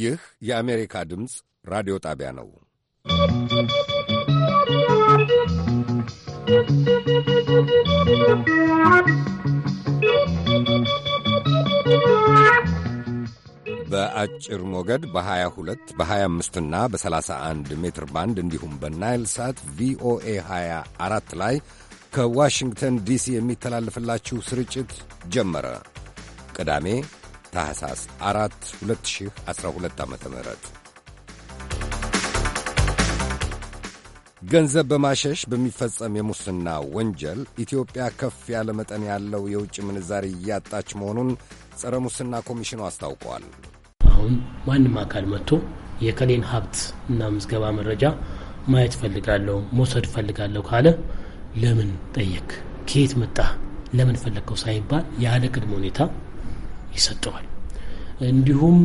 ይህ የአሜሪካ ድምፅ ራዲዮ ጣቢያ ነው። በአጭር ሞገድ በ22 በ25 እና በ31 ሜትር ባንድ እንዲሁም በናይል ሳት ቪኦኤ 24 ላይ ከዋሽንግተን ዲሲ የሚተላለፍላችሁ ስርጭት ጀመረ። ቅዳሜ ታህሳስ 4 2012 ዓ ም ገንዘብ በማሸሽ በሚፈጸም የሙስና ወንጀል ኢትዮጵያ ከፍ ያለ መጠን ያለው የውጭ ምንዛሪ እያጣች መሆኑን ጸረ ሙስና ኮሚሽኑ አስታውቋል። አሁን ማንም አካል መጥቶ የከሌን ሀብት እና ምዝገባ መረጃ ማየት ፈልጋለሁ መውሰድ ፈልጋለሁ ካለ ለምን ጠየቅ፣ ከየት መጣ፣ ለምን ፈለግከው ሳይባል ያለ ቅድመ ሁኔታ ይሰጠዋል። እንዲሁም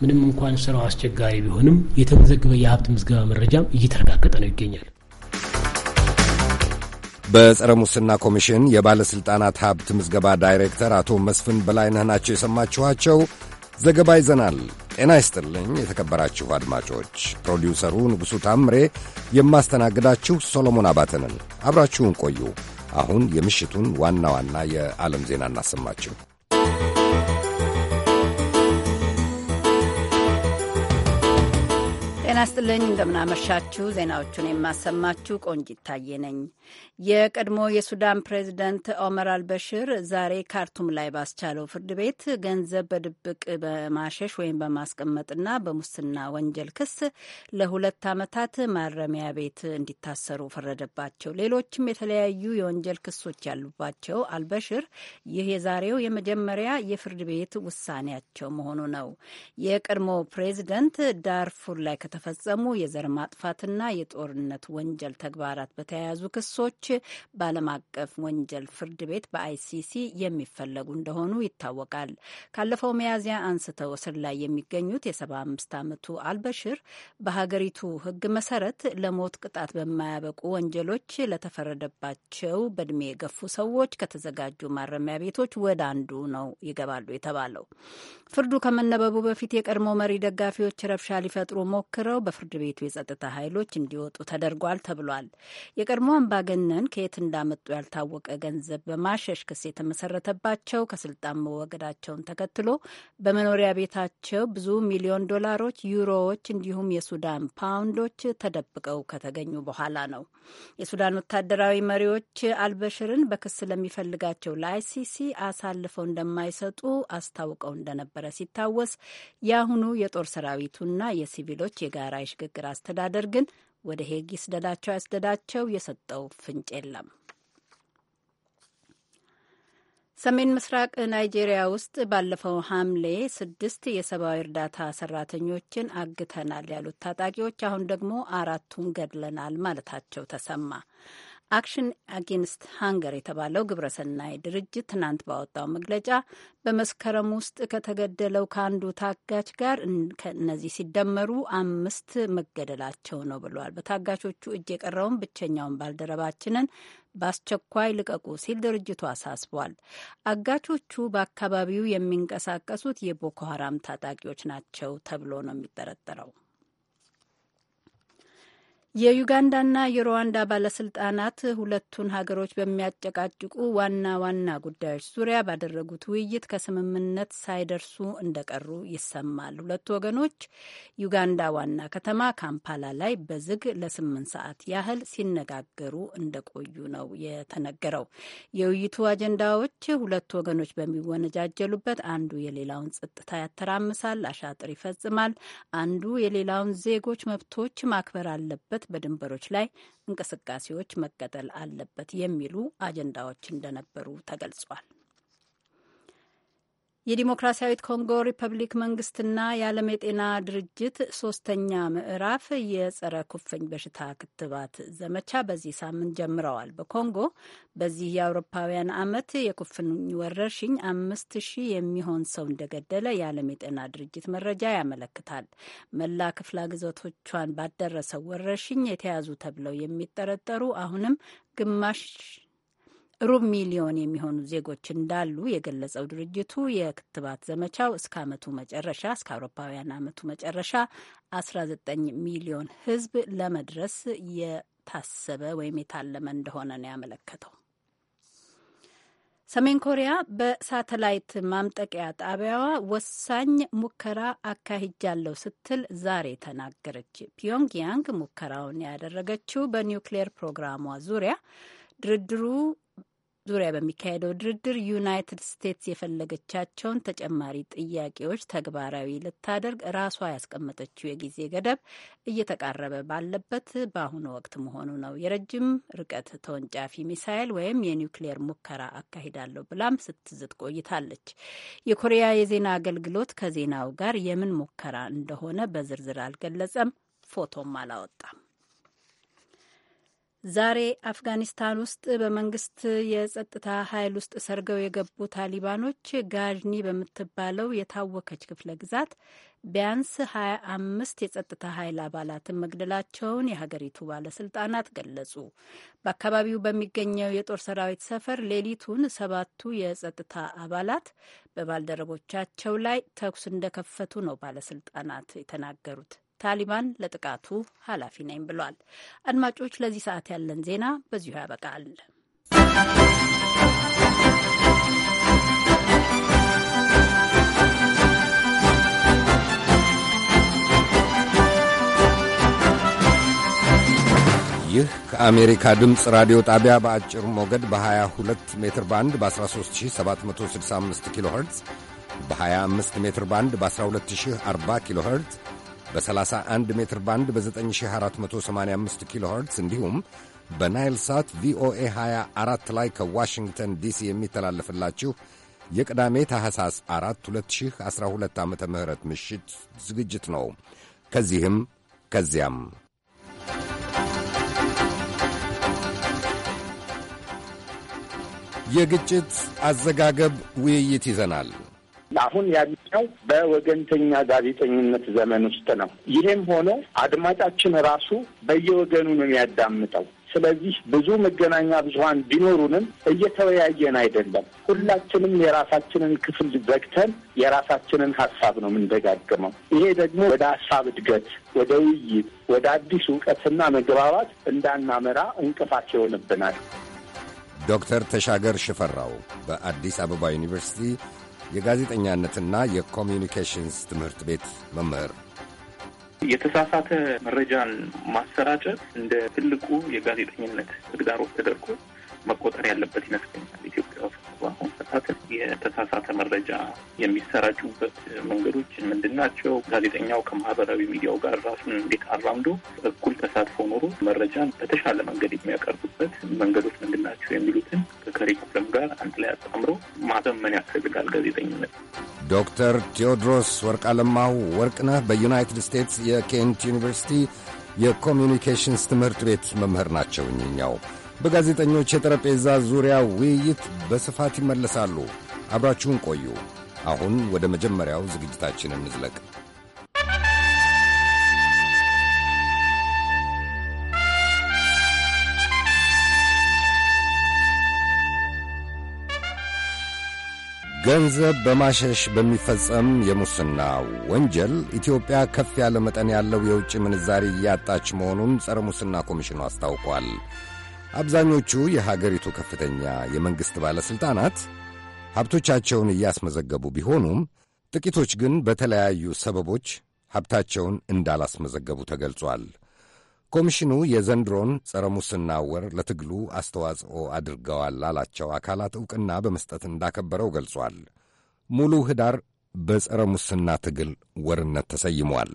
ምንም እንኳን ስራው አስቸጋሪ ቢሆንም የተመዘገበ የሀብት ምዝገባ መረጃም እየተረጋገጠ ነው ይገኛል። በጸረ ሙስና ኮሚሽን የባለሥልጣናት ሀብት ምዝገባ ዳይሬክተር አቶ መስፍን በላይነህ ናቸው የሰማችኋቸው። ዘገባ ይዘናል። ጤና ይስጥልኝ የተከበራችሁ አድማጮች፣ ፕሮዲውሰሩ ንጉሡ ታምሬ፣ የማስተናግዳችሁ ሶሎሞን አባተንን አብራችሁን ቆዩ። አሁን የምሽቱን ዋና ዋና የዓለም ዜና እናሰማችሁ። ጤና ስጥልኝ እንደምናመሻችሁ ዜናዎቹን የማሰማችሁ ቆንጅ ታዬ ነኝ። የቀድሞ የሱዳን ፕሬዝደንት ኦመር አልበሽር ዛሬ ካርቱም ላይ ባስቻለው ፍርድ ቤት ገንዘብ በድብቅ በማሸሽ ወይም በማስቀመጥና በሙስና ወንጀል ክስ ለሁለት ዓመታት ማረሚያ ቤት እንዲታሰሩ ፈረደባቸው። ሌሎችም የተለያዩ የወንጀል ክሶች ያሉባቸው አልበሽር ይህ የዛሬው የመጀመሪያ የፍርድ ቤት ውሳኔያቸው መሆኑ ነው። የቀድሞ ፕሬዝደንት ዳርፉር ላይ ከተፈጸሙ የዘር ማጥፋትና የጦርነት ወንጀል ተግባራት በተያያዙ ክሶች በዓለም አቀፍ ወንጀል ፍርድ ቤት በአይሲሲ የሚፈለጉ እንደሆኑ ይታወቃል። ካለፈው ሚያዝያ አንስተው እስር ላይ የሚገኙት የ75 ዓመቱ አልበሽር በሀገሪቱ ሕግ መሰረት ለሞት ቅጣት በማያበቁ ወንጀሎች ለተፈረደባቸው በእድሜ የገፉ ሰዎች ከተዘጋጁ ማረሚያ ቤቶች ወደ አንዱ ነው ይገባሉ የተባለው። ፍርዱ ከመነበቡ በፊት የቀድሞ መሪ ደጋፊዎች ረብሻ ሊፈጥሩ ሞክረው በፍርድ ቤቱ የጸጥታ ኃይሎች እንዲወጡ ተደርጓል ተብሏል። የቀድሞ አምባገነ ግን ከየት እንዳመጡ ያልታወቀ ገንዘብ በማሸሽ ክስ የተመሰረተባቸው ከስልጣን መወገዳቸውን ተከትሎ በመኖሪያ ቤታቸው ብዙ ሚሊዮን ዶላሮች፣ ዩሮዎች እንዲሁም የሱዳን ፓውንዶች ተደብቀው ከተገኙ በኋላ ነው። የሱዳን ወታደራዊ መሪዎች አልበሽርን በክስ ለሚፈልጋቸው ለአይሲሲ አሳልፈው እንደማይሰጡ አስታውቀው እንደነበረ ሲታወስ የአሁኑ የጦር ሰራዊቱና የሲቪሎች የጋራ የሽግግር አስተዳደር ግን ወደ ሄግ ይስደዳቸው ያስደዳቸው የሰጠው ፍንጭ የለም። ሰሜን ምስራቅ ናይጄሪያ ውስጥ ባለፈው ሐምሌ ስድስት የሰብአዊ እርዳታ ሰራተኞችን አግተናል ያሉት ታጣቂዎች አሁን ደግሞ አራቱን ገድለናል ማለታቸው ተሰማ። አክሽን አጌንስት ሃንገር የተባለው ግብረሰናይ ድርጅት ትናንት ባወጣው መግለጫ በመስከረም ውስጥ ከተገደለው ከአንዱ ታጋች ጋር ከእነዚህ ሲደመሩ አምስት መገደላቸው ነው ብሏል። በታጋቾቹ እጅ የቀረውን ብቸኛውን ባልደረባችንን በአስቸኳይ ልቀቁ ሲል ድርጅቱ አሳስቧል። አጋቾቹ በአካባቢው የሚንቀሳቀሱት የቦኮ ሀራም ታጣቂዎች ናቸው ተብሎ ነው የሚጠረጠረው። የዩጋንዳና የሩዋንዳ ባለስልጣናት ሁለቱን ሀገሮች በሚያጨቃጭቁ ዋና ዋና ጉዳዮች ዙሪያ ባደረጉት ውይይት ከስምምነት ሳይደርሱ እንደቀሩ ይሰማል። ሁለቱ ወገኖች ዩጋንዳ ዋና ከተማ ካምፓላ ላይ በዝግ ለስምንት ሰዓት ያህል ሲነጋገሩ እንደቆዩ ነው የተነገረው። የውይይቱ አጀንዳዎች ሁለቱ ወገኖች በሚወነጃጀሉበት አንዱ የሌላውን ጸጥታ ያተራምሳል፣ አሻጥር ይፈጽማል፣ አንዱ የሌላውን ዜጎች መብቶች ማክበር አለበት በድንበሮች ላይ እንቅስቃሴዎች መቀጠል አለበት የሚሉ አጀንዳዎች እንደነበሩ ተገልጿል። የዲሞክራሲያዊት ኮንጎ ሪፐብሊክ መንግስትና የዓለም የጤና ድርጅት ሶስተኛ ምዕራፍ የጸረ ኩፍኝ በሽታ ክትባት ዘመቻ በዚህ ሳምንት ጀምረዋል። በኮንጎ በዚህ የአውሮፓውያን ዓመት የኩፍኝ ወረርሽኝ አምስት ሺህ የሚሆን ሰው እንደገደለ የዓለም የጤና ድርጅት መረጃ ያመለክታል። መላ ክፍላ ግዛቶቿን ባደረሰው ወረርሽኝ የተያዙ ተብለው የሚጠረጠሩ አሁንም ግማሽ ሩብ ሚሊዮን የሚሆኑ ዜጎች እንዳሉ የገለጸው ድርጅቱ የክትባት ዘመቻው እስከ አመቱ መጨረሻ እስከ አውሮፓውያን አመቱ መጨረሻ 19 ሚሊዮን ህዝብ ለመድረስ የታሰበ ወይም የታለመ እንደሆነ ነው ያመለከተው። ሰሜን ኮሪያ በሳተላይት ማምጠቂያ ጣቢያዋ ወሳኝ ሙከራ አካሂጃለሁ ስትል ዛሬ ተናገረች። ፒዮንግያንግ ሙከራውን ያደረገችው በኒውክሌር ፕሮግራሟ ዙሪያ ድርድሩ ዙሪያ በሚካሄደው ድርድር ዩናይትድ ስቴትስ የፈለገቻቸውን ተጨማሪ ጥያቄዎች ተግባራዊ ልታደርግ ራሷ ያስቀመጠችው የጊዜ ገደብ እየተቃረበ ባለበት በአሁኑ ወቅት መሆኑ ነው። የረጅም ርቀት ተወንጫፊ ሚሳይል ወይም የኒውክሌር ሙከራ አካሂዳለሁ ብላም ስትዝት ቆይታለች። የኮሪያ የዜና አገልግሎት ከዜናው ጋር የምን ሙከራ እንደሆነ በዝርዝር አልገለጸም፣ ፎቶም አላወጣም። ዛሬ አፍጋኒስታን ውስጥ በመንግስት የጸጥታ ኃይል ውስጥ ሰርገው የገቡ ታሊባኖች ጋዥኒ በምትባለው የታወከች ክፍለ ግዛት ቢያንስ ሀያ አምስት የጸጥታ ኃይል አባላትን መግደላቸውን የሀገሪቱ ባለስልጣናት ገለጹ። በአካባቢው በሚገኘው የጦር ሰራዊት ሰፈር ሌሊቱን ሰባቱ የጸጥታ አባላት በባልደረቦቻቸው ላይ ተኩስ እንደከፈቱ ነው ባለስልጣናት የተናገሩት። ታሊባን ለጥቃቱ ኃላፊ ነኝ ብሏል። አድማጮች፣ ለዚህ ሰዓት ያለን ዜና በዚሁ ያበቃል። ይህ ከአሜሪካ ድምፅ ራዲዮ ጣቢያ በአጭር ሞገድ በ22 ሜትር ባንድ በ13765 ኪሎ ኸርትዝ በ25 ሜትር ባንድ በ1240 ኪሎ ኸርትዝ በ31 ሜትር ባንድ በ9485 ኪሎ ኸርትዝ እንዲሁም በናይል ሳት ቪኦኤ 24 ላይ ከዋሽንግተን ዲሲ የሚተላለፍላችሁ የቅዳሜ ታህሳስ 4 2012 ዓ ም ምሽት ዝግጅት ነው። ከዚህም ከዚያም የግጭት አዘጋገብ ውይይት ይዘናል። አሁን ያለው በወገንተኛ ጋዜጠኝነት ዘመን ውስጥ ነው። ይህም ሆኖ አድማጫችን ራሱ በየወገኑ ነው የሚያዳምጠው። ስለዚህ ብዙ መገናኛ ብዙኃን ቢኖሩንም እየተወያየን አይደለም። ሁላችንም የራሳችንን ክፍል ዘግተን የራሳችንን ሀሳብ ነው የምንደጋግመው። ይሄ ደግሞ ወደ ሀሳብ እድገት፣ ወደ ውይይት፣ ወደ አዲስ እውቀትና መግባባት እንዳናመራ እንቅፋት ይሆንብናል። ዶክተር ተሻገር ሽፈራው በአዲስ አበባ ዩኒቨርሲቲ የጋዜጠኛነትና የኮሚዩኒኬሽንስ ትምህርት ቤት መምህር። የተሳሳተ መረጃን ማሰራጨት እንደ ትልቁ የጋዜጠኝነት ተግዳሮት ተደርጎ መቆጠር ያለበት ይመስለኛል ኢትዮጵያ ውስጥ። ለመከታተል የተሳሳተ መረጃ የሚሰራጩበት መንገዶች ምንድን ናቸው? ጋዜጠኛው ከማህበራዊ ሚዲያው ጋር ራሱን እንዴት አራምዶ እኩል ተሳትፎ ኖሮ መረጃን በተሻለ መንገድ የሚያቀርቡበት መንገዶች ምንድን ናቸው? የሚሉትን ከከሪኩለም ጋር አንድ ላይ አጣምሮ ማዘመን ያስፈልጋል ጋዜጠኝነት። ዶክተር ቴዎድሮስ ወርቃለማው ወርቅነህ በዩናይትድ ስቴትስ የኬንት ዩኒቨርሲቲ የኮሚኒኬሽንስ ትምህርት ቤት መምህር ናቸው። እኚኛው በጋዜጠኞች የጠረጴዛ ዙሪያ ውይይት በስፋት ይመለሳሉ። አብራችሁን ቆዩ። አሁን ወደ መጀመሪያው ዝግጅታችን እንዝለቅ። ገንዘብ በማሸሽ በሚፈጸም የሙስና ወንጀል ኢትዮጵያ ከፍ ያለ መጠን ያለው የውጭ ምንዛሪ እያጣች መሆኑን ጸረ ሙስና ኮሚሽኑ አስታውቋል። አብዛኞቹ የሀገሪቱ ከፍተኛ የመንግሥት ባለሥልጣናት ሀብቶቻቸውን እያስመዘገቡ ቢሆኑም ጥቂቶች ግን በተለያዩ ሰበቦች ሀብታቸውን እንዳላስመዘገቡ ተገልጿል። ኮሚሽኑ የዘንድሮን ጸረ ሙስና ወር ለትግሉ አስተዋጽኦ አድርገዋል ላላቸው አካላት ዕውቅና በመስጠት እንዳከበረው ገልጿል። ሙሉ ኅዳር በጸረ ሙስና ትግል ወርነት ተሰይሟል።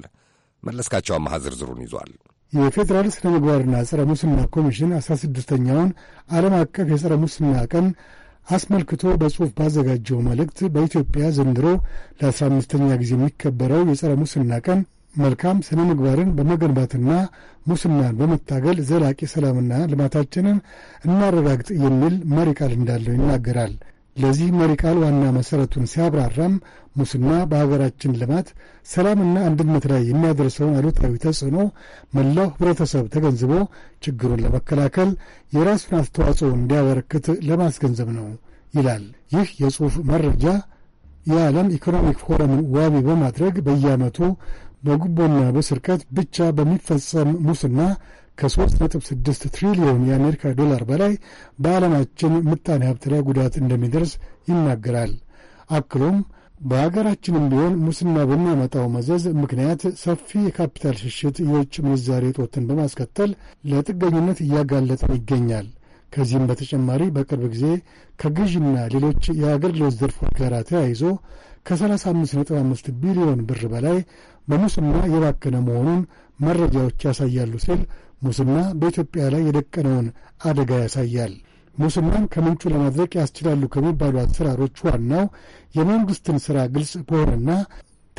መለስካቸው አማሃ ዝርዝሩን ይዟል። የፌዴራል ስነ ምግባርና ጸረ ሙስና ኮሚሽን አስራ ስድስተኛውን ዓለም አቀፍ የጸረ ሙስና ቀን አስመልክቶ በጽሑፍ ባዘጋጀው መልእክት በኢትዮጵያ ዘንድሮ ለአስራ አምስተኛ ጊዜ የሚከበረው የጸረ ሙስና ቀን መልካም ስነ ምግባርን በመገንባትና ሙስናን በመታገል ዘላቂ ሰላምና ልማታችንን እናረጋግጥ የሚል መሪ ቃል እንዳለው ይናገራል። ለዚህ መሪ ቃል ዋና መሠረቱን ሲያብራራም ሙስና በሀገራችን ልማት፣ ሰላምና አንድነት ላይ የሚያደርሰውን አሉታዊ ተጽዕኖ መላው ህብረተሰብ ተገንዝቦ ችግሩን ለመከላከል የራሱን አስተዋጽኦ እንዲያበረክት ለማስገንዘብ ነው ይላል። ይህ የጽሑፍ መረጃ የዓለም ኢኮኖሚክ ፎረምን ዋቢ በማድረግ በየዓመቱ በጉቦና በስርቀት ብቻ በሚፈጸም ሙስና ከ3.6 ትሪሊዮን የአሜሪካ ዶላር በላይ በዓለማችን ምጣኔ ሀብት ላይ ጉዳት እንደሚደርስ ይናገራል። አክሎም በሀገራችንም ቢሆን ሙስና በሚያመጣው መዘዝ ምክንያት ሰፊ የካፒታል ሽሽት የውጭ ምንዛሬ እጦትን በማስከተል ለጥገኝነት እያጋለጠ ይገኛል። ከዚህም በተጨማሪ በቅርብ ጊዜ ከግዥና ሌሎች የአገልግሎት ዘርፎች ጋር ተያይዞ ከ35.5 ቢሊዮን ብር በላይ በሙስና የባከነ መሆኑን መረጃዎች ያሳያሉ ሲል ሙስና በኢትዮጵያ ላይ የደቀነውን አደጋ ያሳያል። ሙስናን ከምንጩ ለማድረቅ ያስችላሉ ከሚባሉ አሰራሮች ዋናው የመንግሥትን ሥራ ግልጽ በሆነና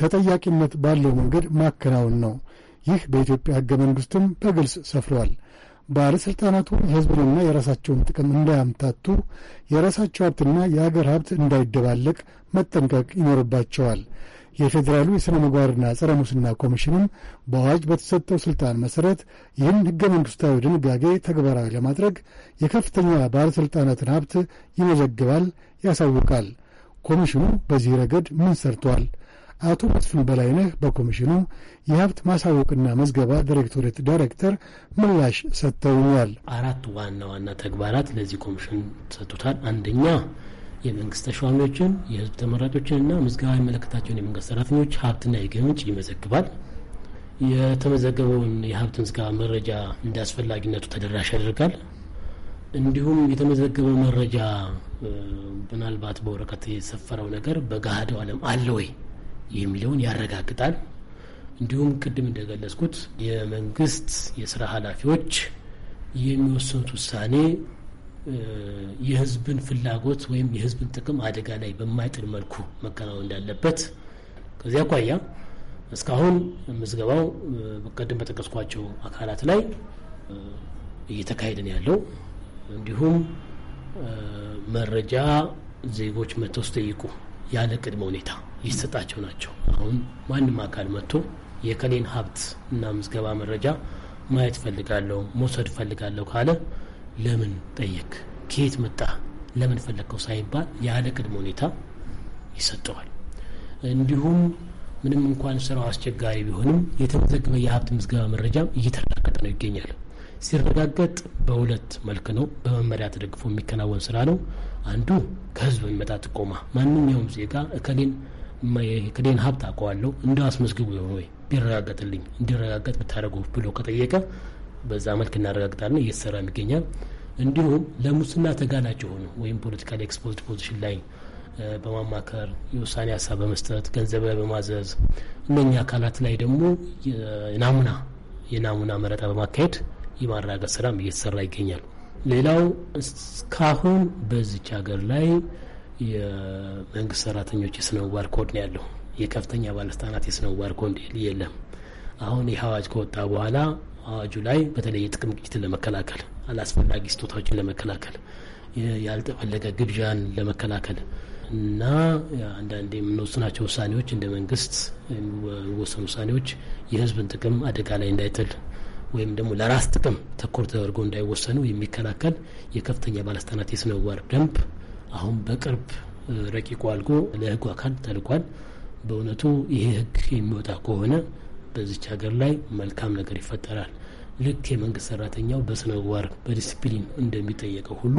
ተጠያቂነት ባለው መንገድ ማከናወን ነው። ይህ በኢትዮጵያ ሕገ መንግሥትም በግልጽ ሰፍሯል። ባለሥልጣናቱ የሕዝብንና የራሳቸውን ጥቅም እንዳያምታቱ፣ የራሳቸው ሀብትና የአገር ሀብት እንዳይደባለቅ መጠንቀቅ ይኖርባቸዋል። የፌዴራሉ የሥነ ምግባርና ጸረ ሙስና ኮሚሽንም በአዋጅ በተሰጠው ሥልጣን መሠረት ይህን ሕገ መንግሥታዊ ድንጋጌ ተግባራዊ ለማድረግ የከፍተኛ ባለሥልጣናትን ሀብት ይመዘግባል፣ ያሳውቃል። ኮሚሽኑ በዚህ ረገድ ምን ሰርቷል? አቶ መስፍን በላይነህ በኮሚሽኑ የሀብት ማሳወቅና መዝገባ ዲሬክቶሬት ዳይሬክተር ምላሽ ሰጥተውኛል። አራት ዋና ዋና ተግባራት ለዚህ ኮሚሽን ሰጥቶታል። አንደኛ የመንግስት ተሿሚዎችን፣ የህዝብ ተመራጮችንና ምዝገባ የሚመለከታቸውን የመንግስት ሰራተኞች ሀብትና የገቢ ምንጭ ይመዘግባል። የተመዘገበውን የሀብት ምዝገባ መረጃ እንደ አስፈላጊነቱ ተደራሽ ያደርጋል። እንዲሁም የተመዘገበ መረጃ ምናልባት በወረቀት የሰፈረው ነገር በገሃዱ ዓለም አለ ወይ የሚለውን ያረጋግጣል። እንዲሁም ቅድም እንደገለጽኩት የመንግስት የስራ ኃላፊዎች የሚወሰኑት ውሳኔ የህዝብን ፍላጎት ወይም የህዝብን ጥቅም አደጋ ላይ በማይጥል መልኩ መከናወን እንዳለበት ከዚህ አኳያ እስካሁን ምዝገባው በቀደም በጠቀስኳቸው አካላት ላይ እየተካሄደ ነው ያለው። እንዲሁም መረጃ ዜጎች መጥተው ሲጠይቁ ያለ ቅድመ ሁኔታ ይሰጣቸው ናቸው። አሁን ማንም አካል መጥቶ የከሌን ሀብት እና ምዝገባ መረጃ ማየት ፈልጋለሁ መውሰድ ፈልጋለሁ ካለ ለምን ጠየቅ፣ ከየት መጣ፣ ለምን ፈለግከው ሳይባል ያለ ቅድመ ሁኔታ ይሰጠዋል። እንዲሁም ምንም እንኳን ስራው አስቸጋሪ ቢሆንም የተመዘገበ የሀብት ምዝገባ መረጃም እየተረጋገጠ ነው ይገኛል። ሲረጋገጥ በሁለት መልክ ነው። በመመሪያ ተደግፎ የሚከናወን ስራ ነው። አንዱ ከህዝብ የሚመጣ ጥቆማ፣ ማንኛውም ዜጋ እከሌን ክዴን ሀብት አውቀዋለሁ እንደ አስመዝግቡ ወይ ቢረጋገጥልኝ እንዲረጋገጥ ብታደረጉ ብሎ ከጠየቀ በዛ መልክ እናረጋግጣለን። እየተሰራ ይገኛል። እንዲሁም ለሙስና ተጋላጭ የሆኑ ወይም ፖለቲካል ኤክስፖዝድ ፖዚሽን ላይ በማማከር የውሳኔ ሀሳብ በመስጠት ገንዘብ ላይ በማዘዝ እነኛ አካላት ላይ ደግሞ ናሙና የናሙና መረጣ በማካሄድ የማረጋገጥ ስራም እየተሰራ ይገኛል። ሌላው እስካሁን በዚች ሀገር ላይ የመንግስት ሰራተኞች የስነዋር ኮድ ነው ያለው። የከፍተኛ ባለስልጣናት የስነዋር ኮድ የለም። አሁን ይህ አዋጅ ከወጣ በኋላ አዋጁ ላይ በተለይ የጥቅም ግጭትን ለመከላከል አላስፈላጊ ስጦታዎችን ለመከላከል ያልተፈለገ ግብዣን ለመከላከል እና አንዳንድ የምንወስናቸው ውሳኔዎች እንደ መንግስት የሚወሰኑ ውሳኔዎች የህዝብን ጥቅም አደጋ ላይ እንዳይጥል ወይም ደግሞ ለራስ ጥቅም ተኮር ተደርጎ እንዳይወሰኑ የሚከላከል የከፍተኛ ባለስልጣናት የስነ ምግባር ደንብ አሁን በቅርብ ረቂቁ አልጎ ለህጉ አካል ተልኳል። በእውነቱ ይሄ ህግ የሚወጣ ከሆነ በዚች ሀገር ላይ መልካም ነገር ይፈጠራል። ልክ የመንግስት ሰራተኛው በስነ ምግባር በዲስፕሊን እንደሚጠየቀው ሁሉ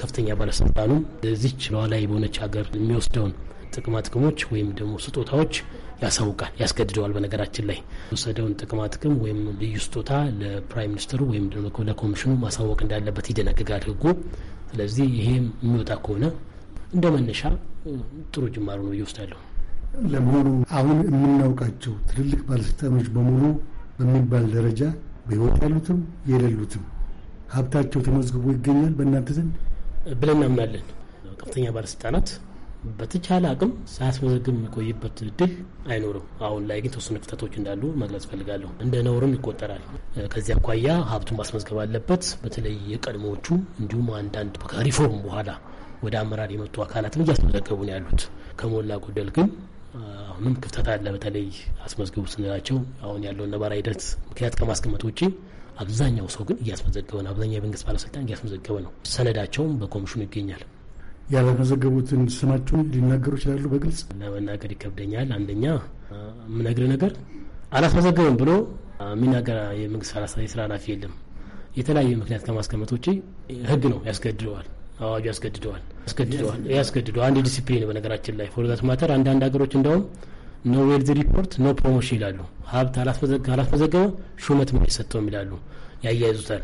ከፍተኛ ባለስልጣኑ ለዚች ሉዓላዊ በሆነች ሀገር የሚወስደውን ጥቅማ ጥቅሞች ወይም ደግሞ ስጦታዎች ያሳውቃል፣ ያስገድደዋል። በነገራችን ላይ የወሰደውን ጥቅማ ጥቅም ወይም ልዩ ስጦታ ለፕራይም ሚኒስትሩ ወይም ለኮሚሽኑ ማሳወቅ እንዳለበት ይደነግጋል ሕጉ። ስለዚህ ይሄም የሚወጣ ከሆነ እንደ መነሻ ጥሩ ጅማሩ ነው እየወስዳለሁ። ለመሆኑ አሁን የምናውቃቸው ትልልቅ ባለስልጣኖች በሙሉ በሚባል ደረጃ በህይወት ያሉትም የሌሉትም ሀብታቸው ተመዝግቦ ይገኛል በእናንተ ዘንድ ብለን እናምናለን። ከፍተኛ ባለስልጣናት በተቻለ አቅም ሳያስመዘግብ የሚቆይበት እድል አይኖርም። አሁን ላይ ግን ተወሰኑ ክፍተቶች እንዳሉ መግለጽ ፈልጋለሁ። እንደ ነውርም ይቆጠራል። ከዚህ አኳያ ሀብቱን ማስመዝገብ አለበት። በተለይ የቀድሞዎቹ እንዲሁም አንዳንድ ከሪፎርም በኋላ ወደ አመራር የመጡ አካላትን እያስመዘገቡ ነው ያሉት። ከሞላ ጎደል ግን አሁንም ክፍተት አለ። በተለይ አስመዝግቡ ስንላቸው አሁን ያለውን ነባራዊ ሂደት ምክንያት ከማስቀመጥ ውጭ አብዛኛው ሰው ግን እያስመዘገበ ነው። አብዛኛው የመንግስት ባለስልጣን እያስመዘገበ ነው። ሰነዳቸውም በኮሚሽኑ ይገኛል። ያለመዘገቡትን ስማቸውን ሊናገሩ ይችላሉ። በግልጽ ለመናገር ይከብደኛል። አንደኛ የምነግር ነገር አላስመዘገበም ብሎ የሚናገር የመንግስት የስራ ኃላፊ የለም። የተለያዩ ምክንያት ከማስቀመጥ ውጭ ህግ ነው ያስገድደዋል፣ አዋጁ ያስገድደዋል። ያስገድደዋል ያስገድደዋል። አንድ ዲሲፕሊን በነገራችን ላይ ፎርዛት ማተር አንዳንድ ሀገሮች እንደውም ኖ ዌልዝ ሪፖርት ኖ ፕሮሞሽን ይላሉ። ሀብት አላስመዘገበ ሹመት ምን አይሰጠውም ይላሉ፣ ያያይዙታል።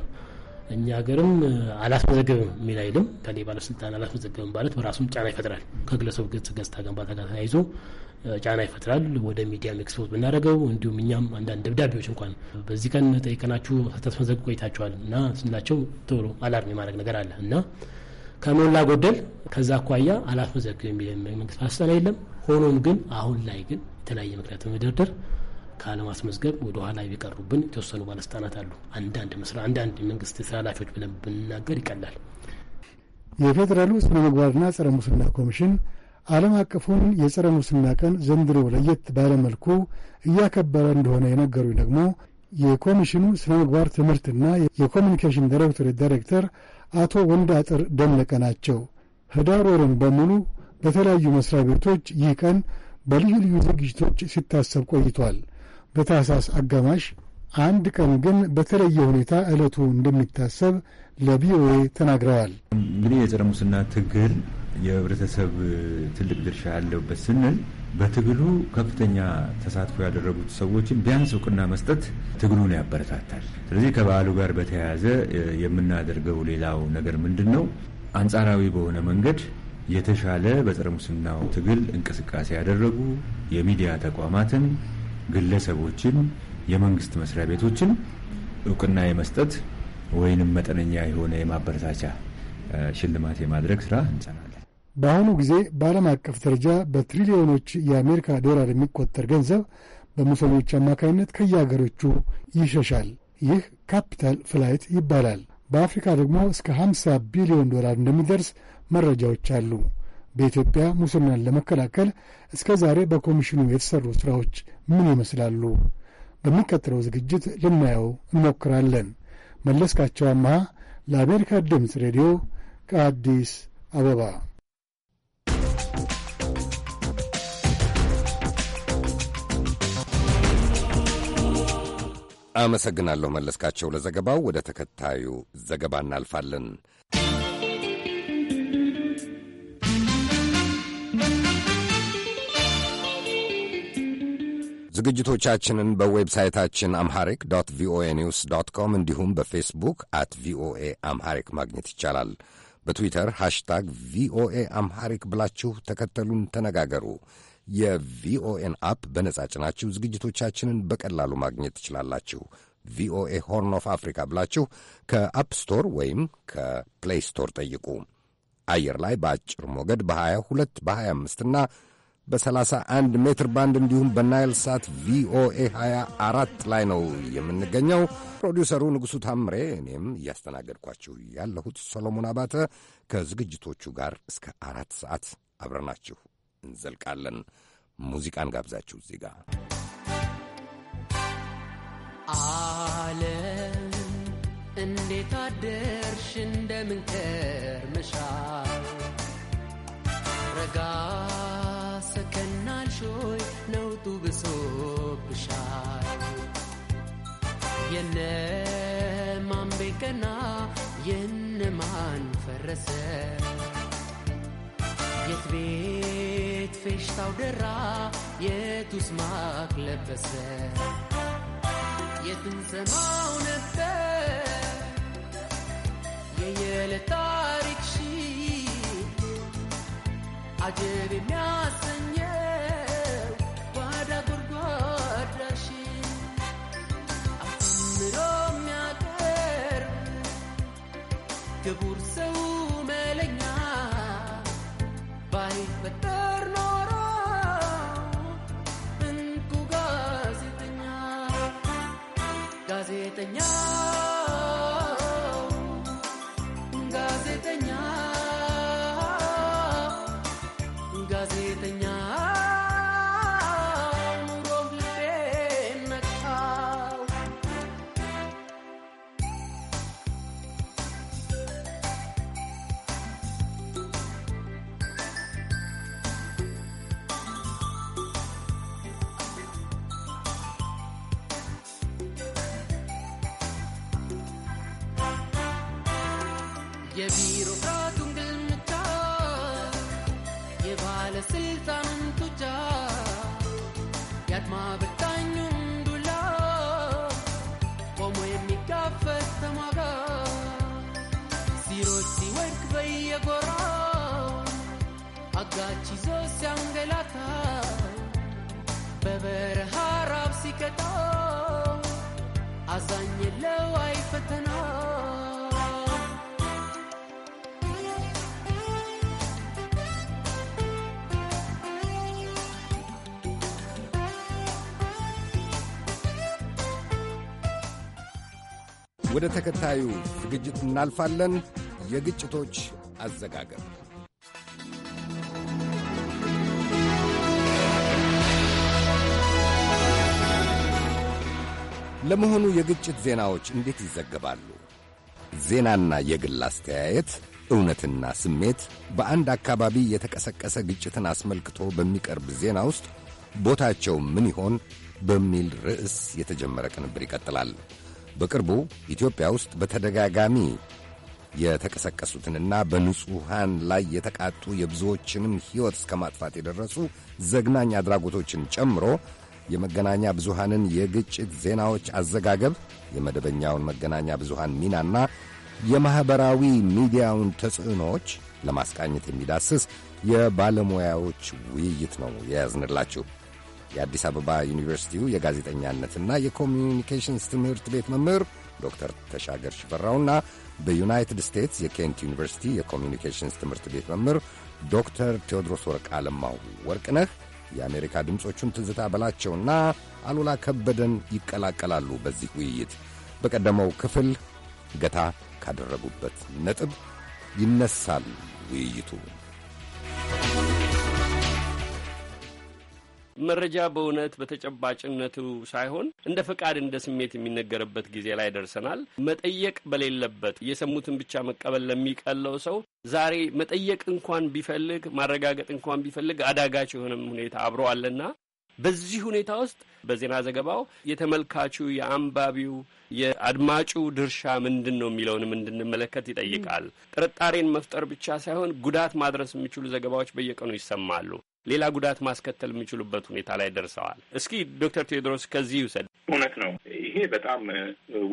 እኛ ሀገርም አላስመዘገብም የሚል አይልም። ከሌ ባለስልጣን አላስመዘገብም ማለት በራሱም ጫና ይፈጥራል። ከግለሰብ ገጽታ ግንባታ ጋር ተያይዞ ጫና ይፈጥራል። ወደ ሚዲያም ኤክስፖዝ ብናደርገው እንዲሁም እኛም አንዳንድ ደብዳቤዎች እንኳን በዚህ ቀን ጠይቀናችሁ ተስመዘግ ቆይታችኋል እና ስንላቸው ቶሎ አላርም የማድረግ ነገር አለ እና ከሞላ ጎደል ከዛ አኳያ አላስመዘግብ የሚል መንግስት ማስጠና የለም። ሆኖም ግን አሁን ላይ ግን የተለያየ ምክንያት በመደርደር ከአለማስመዝገብ ወደ ኋላ የቀሩብን የተወሰኑ ባለስልጣናት አሉ። አንዳንድ መስራ አንዳንድ መንግስት ስራ ኃላፊዎች ብለን ብንናገር ይቀላል። የፌዴራሉ ስነ ምግባርና ጸረ ሙስና ኮሚሽን ዓለም አቀፉን የጸረ ሙስና ቀን ዘንድሮ ለየት ባለመልኩ እያከበረ እንደሆነ የነገሩኝ ደግሞ የኮሚሽኑ ስነ ምግባር ትምህርትና የኮሚኒኬሽን ዳይሬክቶሬት ዳይሬክተር አቶ ወንድ አጥር ደመቀ ናቸው። ህዳር ወርን በሙሉ በተለያዩ መስሪያ ቤቶች ይህ ቀን በልዩ ልዩ ዝግጅቶች ሲታሰብ ቆይቷል። በታህሳስ አጋማሽ አንድ ቀን ግን በተለየ ሁኔታ ዕለቱ እንደሚታሰብ ለቪኦኤ ተናግረዋል። እንግዲህ የጸረ ሙስና ትግል የህብረተሰብ ትልቅ ድርሻ ያለበት ስንል በትግሉ ከፍተኛ ተሳትፎ ያደረጉት ሰዎችን ቢያንስ እውቅና መስጠት ትግሉን ያበረታታል። ስለዚህ ከበዓሉ ጋር በተያያዘ የምናደርገው ሌላው ነገር ምንድን ነው? አንጻራዊ በሆነ መንገድ የተሻለ በጸረ ሙስናው ትግል እንቅስቃሴ ያደረጉ የሚዲያ ተቋማትን፣ ግለሰቦችን፣ የመንግስት መስሪያ ቤቶችን እውቅና የመስጠት ወይንም መጠነኛ የሆነ የማበረታቻ ሽልማት የማድረግ ስራ እንጸናል። በአሁኑ ጊዜ በዓለም አቀፍ ደረጃ በትሪሊዮኖች የአሜሪካ ዶላር የሚቆጠር ገንዘብ በሙሰኞች አማካኝነት ከየአገሮቹ ይሸሻል። ይህ ካፒታል ፍላይት ይባላል። በአፍሪካ ደግሞ እስከ 50 ቢሊዮን ዶላር እንደሚደርስ መረጃዎች አሉ። በኢትዮጵያ ሙስናን ለመከላከል እስከ ዛሬ በኮሚሽኑ የተሰሩ ሥራዎች ምን ይመስላሉ? በሚቀጥለው ዝግጅት ልናየው እንሞክራለን። መለስካቸው አምሃ ለአሜሪካ ድምፅ ሬዲዮ ከአዲስ አበባ አመሰግናለሁ መለስካቸው ለዘገባው። ወደ ተከታዩ ዘገባ እናልፋለን። ዝግጅቶቻችንን በዌብሳይታችን አምሐሪክ ዶት ቪኦኤ ኒውስ ዶት ኮም እንዲሁም በፌስቡክ አት ቪኦኤ አምሐሪክ ማግኘት ይቻላል። በትዊተር ሃሽታግ ቪኦኤ አምሐሪክ ብላችሁ ተከተሉን፣ ተነጋገሩ። የቪኦኤን አፕ በነጻ ጭናችሁ ዝግጅቶቻችንን በቀላሉ ማግኘት ትችላላችሁ። ቪኦኤ ሆርን ኦፍ አፍሪካ ብላችሁ ከአፕ ስቶር ወይም ከፕሌይ ስቶር ጠይቁ። አየር ላይ በአጭር ሞገድ በ22 በ25 እና በ31 ሜትር ባንድ እንዲሁም በናይል ሳት ቪኦኤ 24 ላይ ነው የምንገኘው። ፕሮዲውሰሩ ንጉሡ ታምሬ፣ እኔም እያስተናገድኳችሁ ያለሁት ሰሎሞን አባተ ከዝግጅቶቹ ጋር እስከ አራት ሰዓት አብረናችሁ እንዘልቃለን። ሙዚቃን ጋብዛችሁ እዚህ ጋ ዓለም እንዴት አደርሽ እንደምን ከርመሻል ረጋ ሰከናልሾይ ነውጡ ብሶብሻል የነማን ቤት ቀና የነማን ፈረሰ የት ቤት ፌሽታው ደራ የቱስ ማቅ ለበሰ የትንሰማው ነበር የየዕለት ታሪክ ሺ አጀብ የሚያሰኘው ጓዳ ጎርጓዳሽ ሺ አምሮ የሚያቀርብ ክቡር ዛች ይዞ ሲያንገላታ በበረሃ ራብ ሲቀጣ አዛኝ የለው አይፈተና ወደ ተከታዩ ዝግጅት እናልፋለን። የግጭቶች አዘጋገብ ለመሆኑ የግጭት ዜናዎች እንዴት ይዘገባሉ? ዜናና የግል አስተያየት፣ እውነትና ስሜት በአንድ አካባቢ የተቀሰቀሰ ግጭትን አስመልክቶ በሚቀርብ ዜና ውስጥ ቦታቸው ምን ይሆን በሚል ርዕስ የተጀመረ ቅንብር ይቀጥላል። በቅርቡ ኢትዮጵያ ውስጥ በተደጋጋሚ የተቀሰቀሱትንና በንጹሐን ላይ የተቃጡ የብዙዎችንም ሕይወት እስከ ማጥፋት የደረሱ ዘግናኝ አድራጎቶችን ጨምሮ የመገናኛ ብዙሃንን የግጭት ዜናዎች አዘጋገብ፣ የመደበኛውን መገናኛ ብዙሃን ሚናና የማኅበራዊ ሚዲያውን ተጽዕኖዎች ለማስቃኘት የሚዳስስ የባለሙያዎች ውይይት ነው የያዝንላችሁ። የአዲስ አበባ ዩኒቨርሲቲው የጋዜጠኛነትና የኮሚዩኒኬሽንስ ትምህርት ቤት መምህር ዶክተር ተሻገር ሽፈራውና በዩናይትድ ስቴትስ የኬንት ዩኒቨርሲቲ የኮሚኒኬሽንስ ትምህርት ቤት መምህር ዶክተር ቴዎድሮስ ወርቅ አለማው ወርቅነህ የአሜሪካ ድምፆቹን ትዝታ በላቸውና አሉላ ከበደን ይቀላቀላሉ። በዚህ ውይይት በቀደመው ክፍል ገታ ካደረጉበት ነጥብ ይነሳል ውይይቱ። መረጃ በእውነት በተጨባጭነቱ ሳይሆን እንደ ፈቃድ እንደ ስሜት የሚነገርበት ጊዜ ላይ ደርሰናል። መጠየቅ በሌለበት የሰሙትን ብቻ መቀበል ለሚቀለው ሰው ዛሬ መጠየቅ እንኳን ቢፈልግ ማረጋገጥ እንኳን ቢፈልግ አዳጋች የሆነም ሁኔታ አብሮ አለና በዚህ ሁኔታ ውስጥ በዜና ዘገባው የተመልካቹ የአንባቢው የአድማጩ ድርሻ ምንድን ነው የሚለውንም እንድንመለከት ይጠይቃል። ጥርጣሬን መፍጠር ብቻ ሳይሆን ጉዳት ማድረስ የሚችሉ ዘገባዎች በየቀኑ ይሰማሉ። ሌላ ጉዳት ማስከተል የሚችሉበት ሁኔታ ላይ ደርሰዋል። እስኪ ዶክተር ቴዎድሮስ ከዚህ ይውሰድ። እውነት ነው። ይሄ በጣም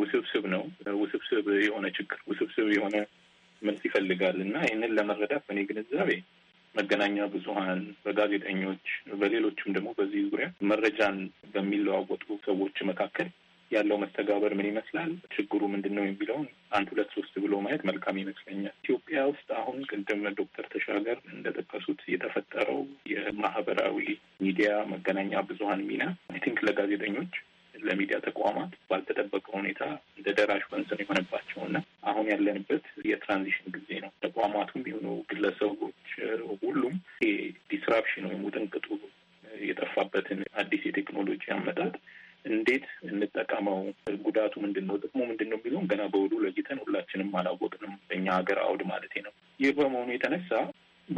ውስብስብ ነው። ውስብስብ የሆነ ችግር፣ ውስብስብ የሆነ መልስ ይፈልጋል እና ይህንን ለመረዳት በእኔ ግንዛቤ መገናኛ ብዙኃን በጋዜጠኞች በሌሎችም ደግሞ በዚህ ዙሪያ መረጃን በሚለዋወጡ ሰዎች መካከል ያለው መስተጋበር ምን ይመስላል፣ ችግሩ ምንድን ነው የሚለውን አንድ ሁለት ሶስት ብሎ ማየት መልካም ይመስለኛል። ኢትዮጵያ ውስጥ አሁን ቅድም ዶክተር ተሻገር እንደጠቀሱት የተፈጠረው የማህበራዊ ሚዲያ መገናኛ ብዙሀን ሚና አይ ቲንክ ለጋዜጠኞች ለሚዲያ ተቋማት ባልተጠበቀ ሁኔታ እንደ ደራሽ ወንዝ ነው የሆነባቸው እና አሁን ያለንበት የትራንዚሽን ጊዜ ነው። ተቋማቱም የሆኑ ግለሰቦች፣ ሁሉም ዲስራፕሽን ወይም ውጥንቅጡ የጠፋበትን አዲስ የቴክኖሎጂ አመጣጥ እንዴት እንጠቀመው፣ ጉዳቱ ምንድን ነው፣ ጥቅሙ ምንድን ነው የሚለውን ገና በውሉ ለይተን ሁላችንም አላወቅንም። እኛ ሀገር አውድ ማለት ነው። ይህ በመሆኑ የተነሳ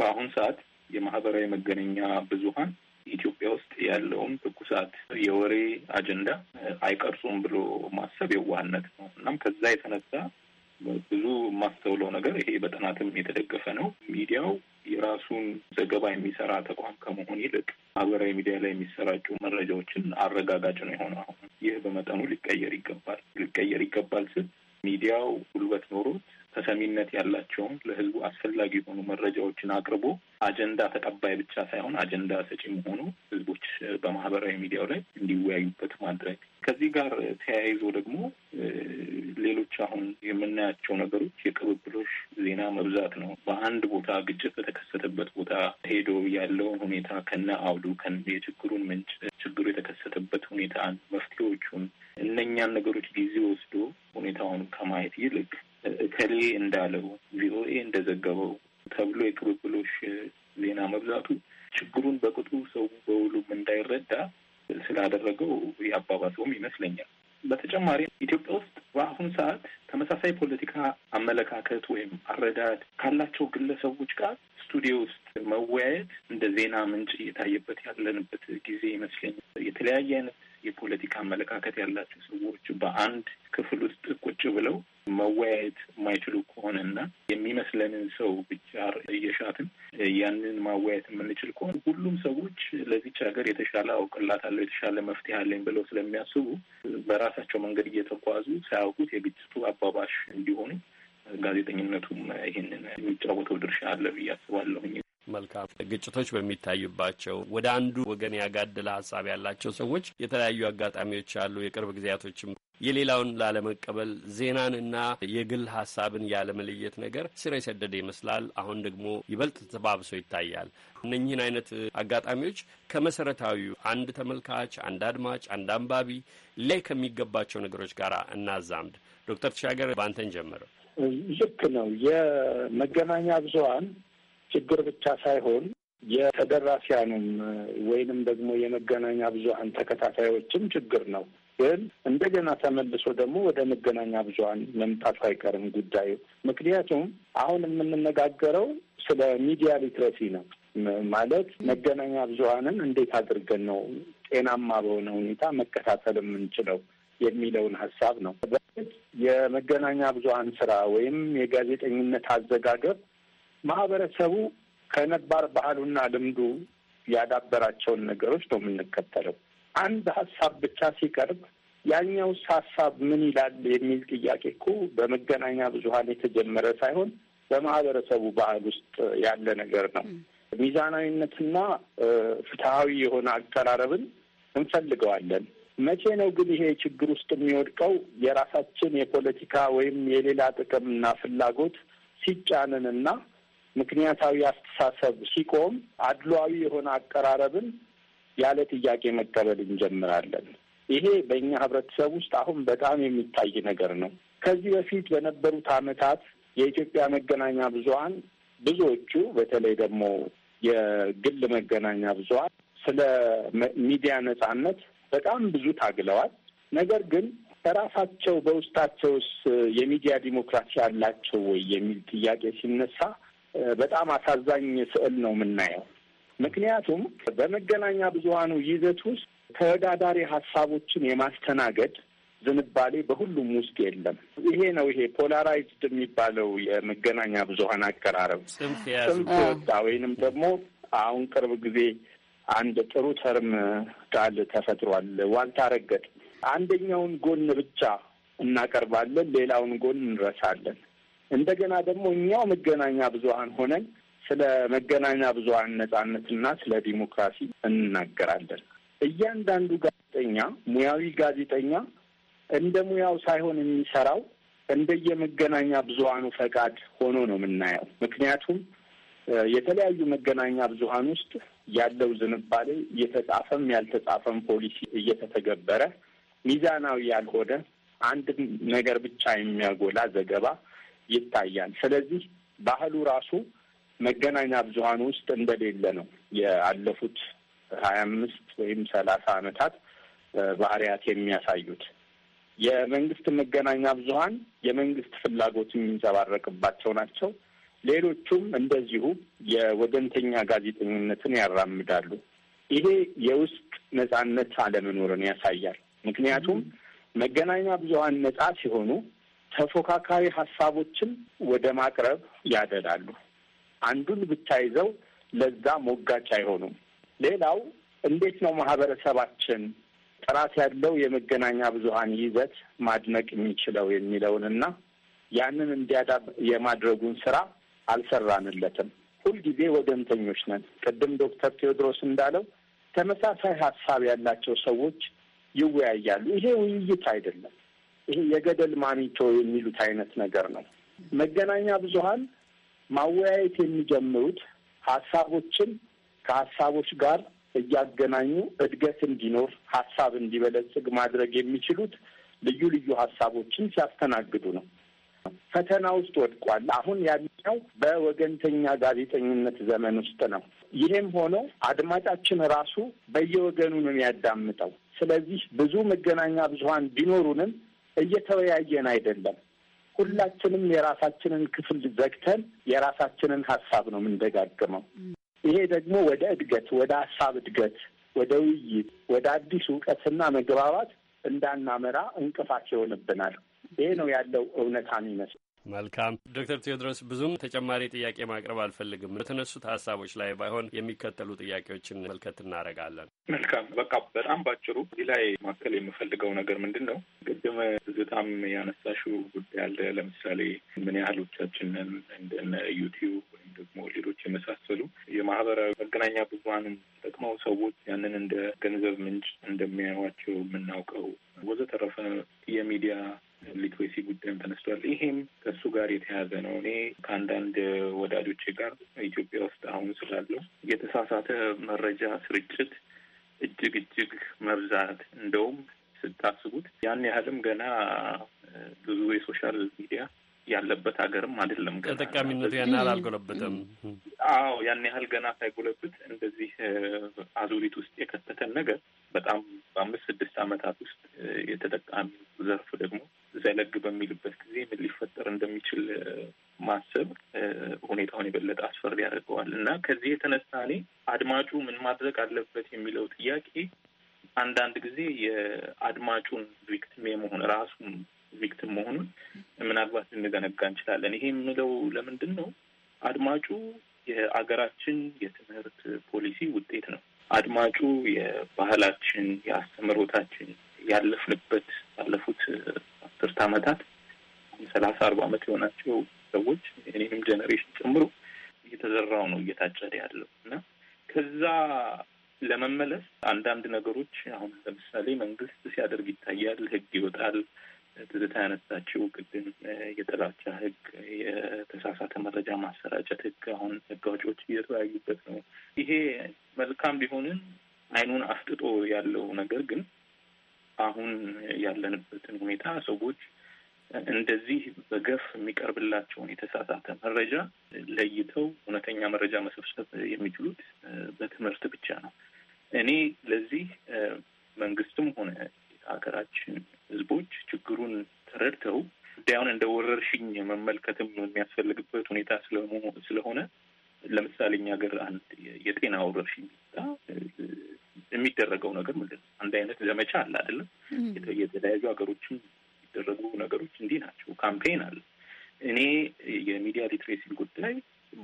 በአሁን ሰዓት የማህበራዊ መገናኛ ብዙሀን ኢትዮጵያ ውስጥ ያለውን ትኩሳት የወሬ አጀንዳ አይቀርጹም ብሎ ማሰብ የዋህነት ነው። እናም ከዛ የተነሳ ብዙ የማስተውለው ነገር ይሄ በጥናትም የተደገፈ ነው። ሚዲያው የራሱን ዘገባ የሚሰራ ተቋም ከመሆን ይልቅ ማህበራዊ ሚዲያ ላይ የሚሰራጩ መረጃዎችን አረጋጋጭ ነው የሆነ። አሁን ይህ በመጠኑ ሊቀየር ይገባል። ሊቀየር ይገባል ስል ሚዲያው ጉልበት ኖሮት ተሰሚነት ያላቸውን ለህዝቡ አስፈላጊ የሆኑ መረጃዎችን አቅርቦ አጀንዳ ተቀባይ ብቻ ሳይሆን አጀንዳ ሰጪ መሆኑ ህዝቦች በማህበራዊ ሚዲያው ላይ እንዲወያዩበት ማድረግ። ከዚህ ጋር ተያይዞ ደግሞ ሌሎች አሁን የምናያቸው ነገሮች የቅብብሎሽ ዜና መብዛት ነው። በአንድ ቦታ ግጭት በተከሰተበት ቦታ ሄዶ ያለውን ሁኔታ ከነ አውዱ የችግሩን ምንጭ ችግሩ የተከሰተበት ሁኔታን መፍትሄዎቹን እነኛን ነገሮች ጊዜ ወስዶ ሁኔታውን ከማየት ይልቅ እከሌ እንዳለው ቪኦኤ እንደዘገበው ተብሎ የቅብብሎሽ ዜና መብዛቱ ችግሩን በቅጡ ሰው በውሉም እንዳይረዳ ስላደረገው የአባባሰውም ይመስለኛል። በተጨማሪ ኢትዮጵያ ውስጥ በአሁኑ ሰዓት ተመሳሳይ ፖለቲካ አመለካከት ወይም አረዳድ ካላቸው ግለሰቦች ጋር ስቱዲዮ ውስጥ መወያየት እንደ ዜና ምንጭ እየታየበት ያለንበት ጊዜ ይመስለኛል። የተለያየ አይነት የፖለቲካ አመለካከት ያላቸው ሰዎች በአንድ ክፍል ውስጥ ቁጭ ብለው መወያየት የማይችሉ ከሆነና የሚመስለንን ሰው ብቻ እየሻትን ያንን ማወያየት የምንችል ከሆነ ሁሉም ሰዎች ለዚች ሀገር የተሻለ አውቅላታለሁ የተሻለ መፍትሄ አለኝ ብለው ስለሚያስቡ በራሳቸው መንገድ እየተጓዙ ሳያውቁት የግጭቱ አባባሽ እንዲሆኑ ጋዜጠኝነቱም ይህንን የሚጫወተው ድርሻ አለ ብዬ አስባለሁኝ። መልካም ግጭቶች በሚታዩባቸው ወደ አንዱ ወገን ያጋደለ ሀሳብ ያላቸው ሰዎች የተለያዩ አጋጣሚዎች አሉ። የቅርብ ጊዜያቶችም የሌላውን ላለመቀበል ዜናንና የግል ሀሳብን ያለመለየት ነገር ስር የሰደደ ይመስላል። አሁን ደግሞ ይበልጥ ተባብሶ ይታያል። እነኚህን አይነት አጋጣሚዎች ከመሰረታዊው አንድ ተመልካች፣ አንድ አድማጭ፣ አንድ አንባቢ ላይ ከሚገባቸው ነገሮች ጋር እናዛምድ። ዶክተር ተሻገር በአንተን ጀምረው ልክ ነው የመገናኛ ብዙሀን ችግር ብቻ ሳይሆን የተደራሲያንም ወይንም ደግሞ የመገናኛ ብዙሀን ተከታታዮችም ችግር ነው። ግን እንደገና ተመልሶ ደግሞ ወደ መገናኛ ብዙሀን መምጣቱ አይቀርም ጉዳዩ። ምክንያቱም አሁን የምንነጋገረው ስለ ሚዲያ ሊትረሲ ነው። ማለት መገናኛ ብዙሀንን እንዴት አድርገን ነው ጤናማ በሆነ ሁኔታ መከታተል የምንችለው የሚለውን ሀሳብ ነው። በእርግጥ የመገናኛ ብዙሀን ስራ ወይም የጋዜጠኝነት አዘጋገብ ማህበረሰቡ ከነባር ባህሉና ልምዱ ያዳበራቸውን ነገሮች ነው የምንከተለው። አንድ ሀሳብ ብቻ ሲቀርብ ያኛውስ ሀሳብ ምን ይላል የሚል ጥያቄ እኮ በመገናኛ ብዙኃን የተጀመረ ሳይሆን በማህበረሰቡ ባህል ውስጥ ያለ ነገር ነው። ሚዛናዊነትና ፍትሐዊ የሆነ አቀራረብን እንፈልገዋለን። መቼ ነው ግን ይሄ ችግር ውስጥ የሚወድቀው? የራሳችን የፖለቲካ ወይም የሌላ ጥቅምና ፍላጎት ሲጫንንና ምክንያታዊ አስተሳሰብ ሲቆም አድሏዊ የሆነ አቀራረብን ያለ ጥያቄ መቀበል እንጀምራለን። ይሄ በእኛ ህብረተሰብ ውስጥ አሁን በጣም የሚታይ ነገር ነው። ከዚህ በፊት በነበሩት ዓመታት የኢትዮጵያ መገናኛ ብዙሀን ብዙዎቹ በተለይ ደግሞ የግል መገናኛ ብዙሀን ስለ ሚዲያ ነጻነት በጣም ብዙ ታግለዋል። ነገር ግን በራሳቸው በውስጣቸውስ የሚዲያ ዲሞክራሲ አላቸው ወይ የሚል ጥያቄ ሲነሳ በጣም አሳዛኝ ስዕል ነው የምናየው። ምክንያቱም በመገናኛ ብዙሀኑ ይዘት ውስጥ ተወዳዳሪ ሀሳቦችን የማስተናገድ ዝንባሌ በሁሉም ውስጥ የለም። ይሄ ነው ይሄ ፖላራይዝድ የሚባለው የመገናኛ ብዙሀን አቀራረብ ጽንፍ ወጣ ወይንም ደግሞ አሁን ቅርብ ጊዜ አንድ ጥሩ ተርም ቃል ተፈጥሯል። ዋልታ አንደኛውን ጎን ብቻ እናቀርባለን፣ ሌላውን ጎን እንረሳለን። እንደገና ደግሞ እኛው መገናኛ ብዙሀን ሆነን ስለ መገናኛ ብዙሀን ነጻነትና ስለ ዲሞክራሲ እንናገራለን። እያንዳንዱ ጋዜጠኛ ሙያዊ ጋዜጠኛ እንደ ሙያው ሳይሆን የሚሰራው እንደየመገናኛ ብዙሀኑ ፈቃድ ሆኖ ነው የምናየው። ምክንያቱም የተለያዩ መገናኛ ብዙሀን ውስጥ ያለው ዝንባሌ እየተጻፈም ያልተጻፈም ፖሊሲ እየተተገበረ ሚዛናዊ ያልሆነ አንድ ነገር ብቻ የሚያጎላ ዘገባ ይታያል። ስለዚህ ባህሉ ራሱ መገናኛ ብዙሀን ውስጥ እንደሌለ ነው ያለፉት ሀያ አምስት ወይም ሰላሳ አመታት ባህሪያት የሚያሳዩት። የመንግስት መገናኛ ብዙሀን የመንግስት ፍላጎት የሚንጸባረቅባቸው ናቸው። ሌሎቹም እንደዚሁ የወገንተኛ ጋዜጠኝነትን ያራምዳሉ። ይሄ የውስጥ ነጻነት አለመኖርን ያሳያል። ምክንያቱም መገናኛ ብዙሀን ነጻ ሲሆኑ ተፎካካሪ ሀሳቦችን ወደ ማቅረብ ያደላሉ። አንዱን ብቻ ይዘው ለዛ ሞጋች አይሆኑም። ሌላው እንዴት ነው ማህበረሰባችን ጥራት ያለው የመገናኛ ብዙሀን ይዘት ማድነቅ የሚችለው የሚለውንና ያንን እንዲያዳብ የማድረጉን ስራ አልሰራንለትም። ሁልጊዜ ወገንተኞች ነን። ቅድም ዶክተር ቴዎድሮስ እንዳለው ተመሳሳይ ሀሳብ ያላቸው ሰዎች ይወያያሉ። ይሄ ውይይት አይደለም። ይሄ የገደል ማሚቶ የሚሉት አይነት ነገር ነው። መገናኛ ብዙሀን ማወያየት የሚጀምሩት ሀሳቦችን ከሀሳቦች ጋር እያገናኙ እድገት እንዲኖር ሀሳብ እንዲበለጽግ ማድረግ የሚችሉት ልዩ ልዩ ሀሳቦችን ሲያስተናግዱ ነው። ፈተና ውስጥ ወድቋል። አሁን ያለው በወገንተኛ ጋዜጠኝነት ዘመን ውስጥ ነው። ይህም ሆኖ አድማጫችን ራሱ በየወገኑ ነው የሚያዳምጠው። ስለዚህ ብዙ መገናኛ ብዙሀን ቢኖሩንም እየተወያየን አይደለም። ሁላችንም የራሳችንን ክፍል ዘግተን የራሳችንን ሀሳብ ነው የምንደጋግመው። ይሄ ደግሞ ወደ እድገት፣ ወደ ሀሳብ እድገት፣ ወደ ውይይት፣ ወደ አዲስ እውቀትና መግባባት እንዳናመራ እንቅፋት ይሆንብናል። ይሄ ነው ያለው እውነታ የሚመስል መልካም ዶክተር ቴዎድሮስ ብዙም ተጨማሪ ጥያቄ ማቅረብ አልፈልግም። በተነሱት ሀሳቦች ላይ ባይሆን የሚከተሉ ጥያቄዎችን መልከት እናደርጋለን። መልካም በቃ በጣም ባጭሩ እዚህ ላይ ማከል የምፈልገው ነገር ምንድን ነው? ቅድም ዝታም ያነሳሽው ጉዳይ አለ። ለምሳሌ ምን ያህሎቻችንን እንደነ ዩቲዩብ ወይም ደግሞ ሌሎች የመሳሰሉ የማህበራዊ መገናኛ ብዙሀንን ጠቅመው ሰዎች ያንን እንደ ገንዘብ ምንጭ እንደሚያዩዋቸው የምናውቀው ወዘተረፈ የሚዲያ ሊትሬሲ ጉዳይም ተነስቷል። ይሄም ከእሱ ጋር የተያዘ ነው። እኔ ከአንዳንድ ወዳጆቼ ጋር ኢትዮጵያ ውስጥ አሁን ስላለው የተሳሳተ መረጃ ስርጭት እጅግ እጅግ መብዛት እንደውም ስታስቡት ያን ያህልም ገና ብዙ የሶሻል ሚዲያ ያለበት ሀገርም አይደለም። ተጠቃሚነቱ ያን ያህል አልጎለበተም። አዎ ያን ያህል ገና ሳይጎለብት እንደዚህ አዙሪት ውስጥ የከተተን ነገር በጣም በአምስት ስድስት ዓመታት ውስጥ የተጠቃሚ ዘርፍ ደግሞ ዘለግ በሚልበት ጊዜ ምን ሊፈጠር እንደሚችል ማሰብ ሁኔታውን የበለጠ አስፈሪ ያደርገዋል እና ከዚህ የተነሳ እኔ አድማጩ ምን ማድረግ አለበት የሚለው ጥያቄ አንዳንድ ጊዜ የአድማጩን ቪክቲም የመሆን ራሱን ቪክቲም መሆኑን ምናልባት ልንዘነጋ እንችላለን። ይሄ የምለው ለምንድን ነው አድማጩ የአገራችን የትምህርት ፖሊሲ ውጤት ነው። አድማጩ የባህላችን፣ የአስተምህሮታችን ያለፍንበት ባለፉት አስርት ዓመታት ሰላሳ አርባ ዓመት የሆናቸው ሰዎች እኔንም ጀኔሬሽን ጨምሮ እየተዘራው ነው እየታጨደ ያለው እና ከዛ ለመመለስ አንዳንድ ነገሮች አሁን ለምሳሌ መንግስት ሲያደርግ ይታያል፣ ህግ ይወጣል፣ ትዝታ ያነሳችው ቅድም የጥላቻ ህግ የተሳሳተ መረጃ ማሰራጨት ህግ አሁን ህግ አውጪዎች እየተወያዩበት ነው። ይሄ መልካም ቢሆንም አይኑን አፍጥጦ ያለው ነገር ግን አሁን ያለንበትን ሁኔታ ሰዎች እንደዚህ በገፍ የሚቀርብላቸውን የተሳሳተ መረጃ ለይተው እውነተኛ መረጃ መሰብሰብ የሚችሉት በትምህርት ብቻ ነው። እኔ ለዚህ መንግስትም ሆነ ሀገራችን ህዝቦች ችግሩን ተረድተው ጉዳዩን እንደ ወረርሽኝ መመልከትም የሚያስፈልግበት ሁኔታ ስለሆነ ለምሳሌ እኛ ሀገር አንድ የጤና ወረርሽኝ የሚደረገው ነገር ምንድን ነው? አንድ አይነት ዘመቻ አለ አይደለም? የተለያዩ ሀገሮችም የሚደረጉ ነገሮች እንዲህ ናቸው። ካምፔን አለ። እኔ የሚዲያ ሊትሬሲ ጉዳይ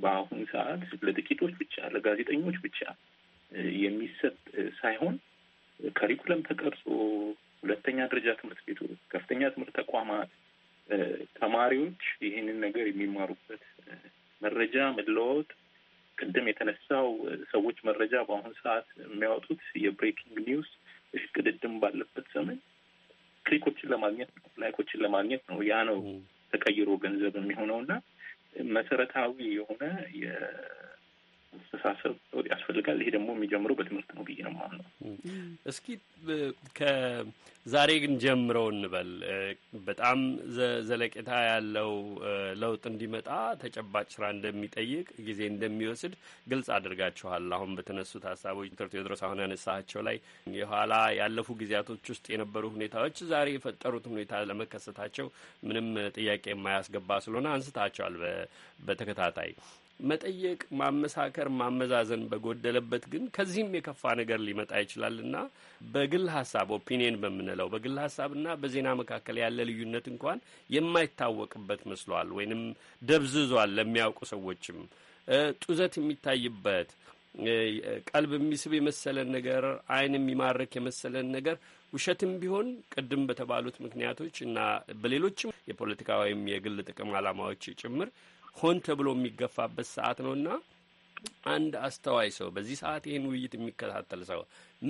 በአሁኑ ሰዓት ለጥቂቶች ብቻ ለጋዜጠኞች ብቻ የሚሰጥ ሳይሆን ከሪኩለም ተቀርጾ ሁለተኛ ደረጃ ትምህርት ቤቶች፣ ከፍተኛ ትምህርት ተቋማት ተማሪዎች ይህንን ነገር የሚማሩበት መረጃ መለዋወጥ ቅድም የተነሳው ሰዎች መረጃ በአሁኑ ሰዓት የሚያወጡት የብሬኪንግ ኒውስ እሽቅድድም ባለበት ዘመን ክሊኮችን ለማግኘት ነው፣ ላይኮችን ለማግኘት ነው። ያ ነው ተቀይሮ ገንዘብ የሚሆነው እና መሰረታዊ የሆነ አስተሳሰብ ያስፈልጋል። ይሄ ደግሞ የሚጀምረው በትምህርት ነው ብዬ ነው የማምነው። እስኪ ከዛሬ ግን ጀምረው እንበል በጣም ዘለቄታ ያለው ለውጥ እንዲመጣ ተጨባጭ ስራ እንደሚጠይቅ ጊዜ እንደሚወስድ ግልጽ አድርጋችኋል። አሁን በተነሱት ሀሳቦች ዶክተር ቴዎድሮስ አሁን ያነሳቸው ላይ የኋላ ያለፉ ጊዜያቶች ውስጥ የነበሩ ሁኔታዎች ዛሬ የፈጠሩት ሁኔታ ለመከሰታቸው ምንም ጥያቄ የማያስገባ ስለሆነ አንስታቸዋል በተከታታይ መጠየቅ፣ ማመሳከር፣ ማመዛዘን በጎደለበት ግን ከዚህም የከፋ ነገር ሊመጣ ይችላልና በግል ሀሳብ ኦፒኒየን በምንለው በግል ሀሳብና በዜና መካከል ያለ ልዩነት እንኳን የማይታወቅበት መስሏል ወይንም ደብዝዟል ለሚያውቁ ሰዎችም ጡዘት የሚታይበት ቀልብ የሚስብ የመሰለን ነገር አይን የሚማርክ የመሰለን ነገር ውሸትም ቢሆን ቅድም በተባሉት ምክንያቶች እና በሌሎችም የፖለቲካ ወይም የግል ጥቅም ዓላማዎች ጭምር ሆን ተብሎ የሚገፋበት ሰዓት ነውና አንድ አስተዋይ ሰው በዚህ ሰዓት ይህን ውይይት የሚከታተል ሰው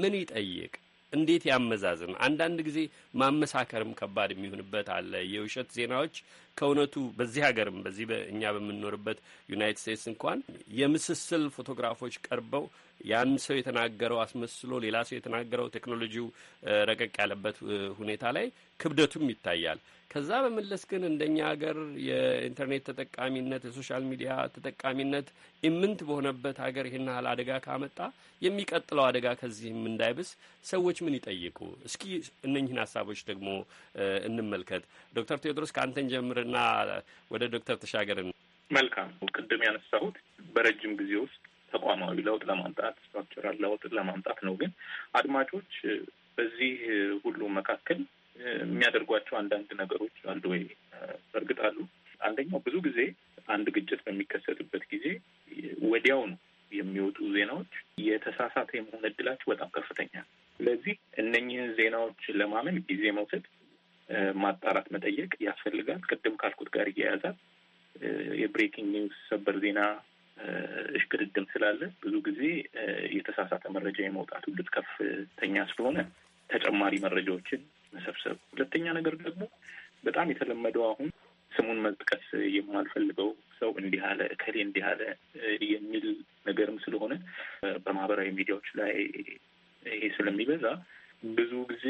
ምን ይጠይቅ? እንዴት ያመዛዝን? አንዳንድ ጊዜ ማመሳከርም ከባድ የሚሆንበት አለ። የውሸት ዜናዎች ከእውነቱ በዚህ ሀገርም በዚህ እኛ በምንኖርበት ዩናይትድ ስቴትስ እንኳን የምስስል ፎቶግራፎች ቀርበው ያን ሰው የተናገረው አስመስሎ ሌላ ሰው የተናገረው ቴክኖሎጂው ረቀቅ ያለበት ሁኔታ ላይ ክብደቱም ይታያል። ከዛ በመለስ ግን እንደኛ ሀገር የኢንተርኔት ተጠቃሚነት የሶሻል ሚዲያ ተጠቃሚነት ኢምንት በሆነበት ሀገር ይህን ያህል አደጋ ካመጣ የሚቀጥለው አደጋ ከዚህም እንዳይብስ ሰዎች ምን ይጠይቁ? እስኪ እነኝህን ሀሳቦች ደግሞ እንመልከት። ዶክተር ቴዎድሮስ ከአንተን ጀምርና ወደ ዶክተር ተሻገርን። መልካም ቅድም ያነሳሁት በረጅም ጊዜ ውስጥ ተቋማዊ ለውጥ ለማምጣት ስትራክቸራል ለውጥ ለማምጣት ነው። ግን አድማጮች በዚህ ሁሉ መካከል የሚያደርጓቸው አንዳንድ ነገሮች አሉ ወይ? በእርግጥ አሉ። አንደኛው ብዙ ጊዜ አንድ ግጭት በሚከሰትበት ጊዜ ወዲያው ነው የሚወጡ ዜናዎች የተሳሳተ የመሆን እድላቸው በጣም ከፍተኛ ነው። ስለዚህ እነኝህን ዜናዎች ለማመን ጊዜ መውሰድ፣ ማጣራት፣ መጠየቅ ያስፈልጋል። ቅድም ካልኩት ጋር እያያዛል የብሬኪንግ ኒውስ ሰበር ዜና እሽቅድድም ስላለ ብዙ ጊዜ የተሳሳተ መረጃ የመውጣት ዕድል ከፍተኛ ስለሆነ ተጨማሪ መረጃዎችን መሰብሰብ። ሁለተኛ ነገር ደግሞ በጣም የተለመደው አሁን ስሙን መጥቀስ የማልፈልገው ሰው እንዲህ አለ እከሌ እንዲህ አለ የሚል ነገርም ስለሆነ በማህበራዊ ሚዲያዎች ላይ ይሄ ስለሚበዛ ብዙ ጊዜ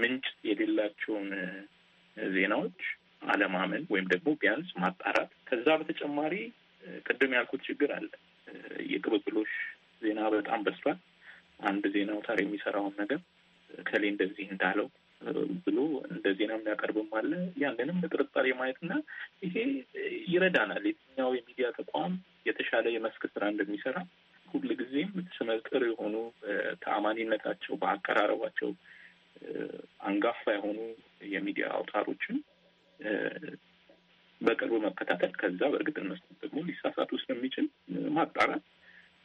ምንጭ የሌላቸውን ዜናዎች አለማመን ወይም ደግሞ ቢያንስ ማጣራት ከዛ በተጨማሪ ቅድም ያልኩት ችግር አለ። የቅብብሎሽ ዜና በጣም በስቷል። አንድ ዜና አውታር የሚሰራውን ነገር ከሌ እንደዚህ እንዳለው ብሎ እንደ ዜና የሚያቀርብም አለ። ያንንም በጥርጣሬ ማየትና ይሄ ይረዳናል። የትኛው የሚዲያ ተቋም የተሻለ የመስክ ስራ እንደሚሰራ ሁልጊዜም ስመጥር የሆኑ ተአማኒነታቸው በአቀራረባቸው አንጋፋ የሆኑ የሚዲያ አውታሮችን በቅርቡ መከታተል፣ ከዛ በእርግጥ እነሱ ደግሞ ሊሳሳቱ ስለሚችል ማጣራት።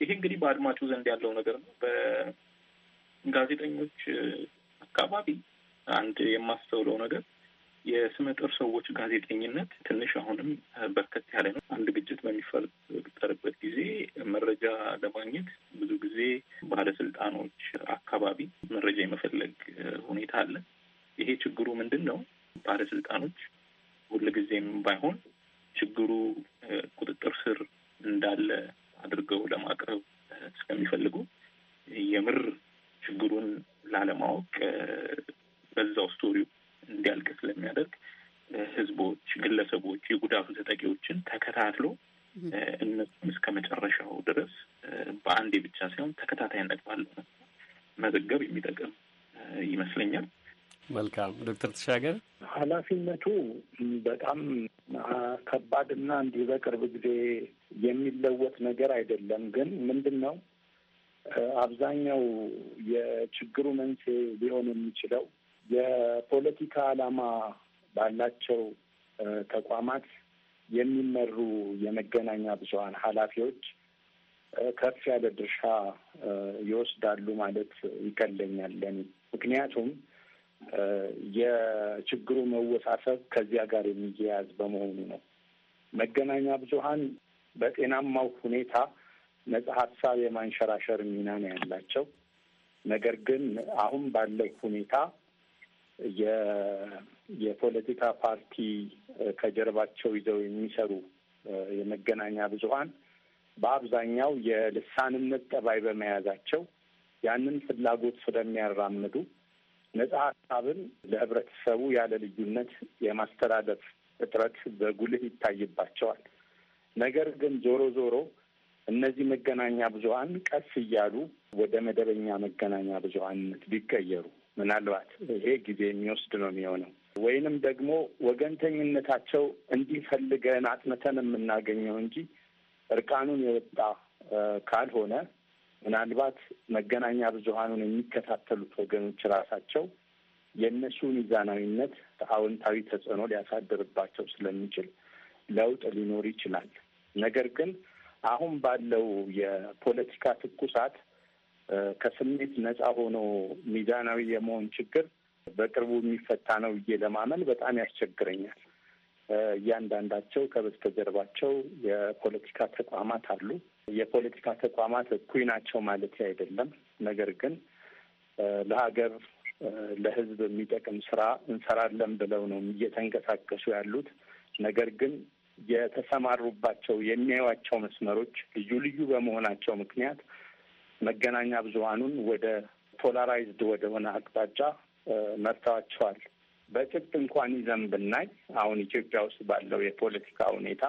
ይሄ እንግዲህ በአድማጩ ዘንድ ያለው ነገር ነው። በጋዜጠኞች አካባቢ አንድ የማስተውለው ነገር የስመጥር ሰዎች ጋዜጠኝነት ትንሽ አሁንም በርከት ያለ ነው። አንድ ግጭት በሚፈጠርበት ጊዜ መረጃ ለማግኘት ብዙ ጊዜ ባለስልጣኖች አካባቢ መረጃ የመፈለግ ሁኔታ አለ። ይሄ ችግሩ ምንድን ነው? ባለስልጣኖች ሁልጊዜም ባይሆን ችግሩ ቁጥጥር ስር እንዳለ አድርገው ለማቅረብ እስከሚፈልጉ የምር ችግሩን ላለማወቅ በዛው ስቶሪው እንዲያልቅ ስለሚያደርግ ህዝቦች፣ ግለሰቦች፣ የጉዳቱ ተጠቂዎችን ተከታትሎ እነሱም እስከ መጨረሻው ድረስ በአንዴ ብቻ ሳይሆን ተከታታይነት ባለው መዘገብ የሚጠቅም ይመስለኛል። መልካም ዶክተር ተሻገር ኃላፊነቱ በጣም ከባድና እንዲህ በቅርብ ጊዜ የሚለወጥ ነገር አይደለም። ግን ምንድን ነው አብዛኛው የችግሩ መንስኤ ሊሆን የሚችለው የፖለቲካ ዓላማ ባላቸው ተቋማት የሚመሩ የመገናኛ ብዙኃን ኃላፊዎች ከፍ ያለ ድርሻ ይወስዳሉ ማለት ይቀለኛል ለኔ ምክንያቱም የችግሩ መወሳሰብ ከዚያ ጋር የሚያያዝ በመሆኑ ነው። መገናኛ ብዙሀን በጤናማው ሁኔታ ነጻ ሀሳብ የማንሸራሸር ሚና ነው ያላቸው። ነገር ግን አሁን ባለው ሁኔታ የፖለቲካ ፓርቲ ከጀርባቸው ይዘው የሚሰሩ የመገናኛ ብዙሀን በአብዛኛው የልሳንነት ጠባይ በመያዛቸው ያንን ፍላጎት ስለሚያራምዱ ነጻ ሀሳብን ለህብረተሰቡ ያለ ልዩነት የማስተላለፍ እጥረት በጉልህ ይታይባቸዋል። ነገር ግን ዞሮ ዞሮ እነዚህ መገናኛ ብዙሀን ቀስ እያሉ ወደ መደበኛ መገናኛ ብዙሀንነት ቢቀየሩ ምናልባት ይሄ ጊዜ የሚወስድ ነው የሚሆነው። ወይንም ደግሞ ወገንተኝነታቸው እንዲፈልገን አጥንተን የምናገኘው እንጂ እርቃኑን የወጣ ካልሆነ ምናልባት መገናኛ ብዙሀኑን የሚከታተሉት ወገኖች ራሳቸው የእነሱ ሚዛናዊነት አዎንታዊ ተጽዕኖ ሊያሳድርባቸው ስለሚችል ለውጥ ሊኖር ይችላል። ነገር ግን አሁን ባለው የፖለቲካ ትኩሳት ከስሜት ነጻ ሆኖ ሚዛናዊ የመሆን ችግር በቅርቡ የሚፈታ ነው ብዬ ለማመን በጣም ያስቸግረኛል። እያንዳንዳቸው ከበስተጀርባቸው የፖለቲካ ተቋማት አሉ። የፖለቲካ ተቋማት እኩይ ናቸው ማለት አይደለም። ነገር ግን ለሀገር ለህዝብ የሚጠቅም ስራ እንሰራለን ብለው ነው እየተንቀሳቀሱ ያሉት። ነገር ግን የተሰማሩባቸው የሚያዩቸው መስመሮች ልዩ ልዩ በመሆናቸው ምክንያት መገናኛ ብዙሀኑን ወደ ፖላራይዝድ ወደሆነ አቅጣጫ መርተዋቸዋል። በጭብጥ እንኳን ይዘን ብናይ አሁን ኢትዮጵያ ውስጥ ባለው የፖለቲካ ሁኔታ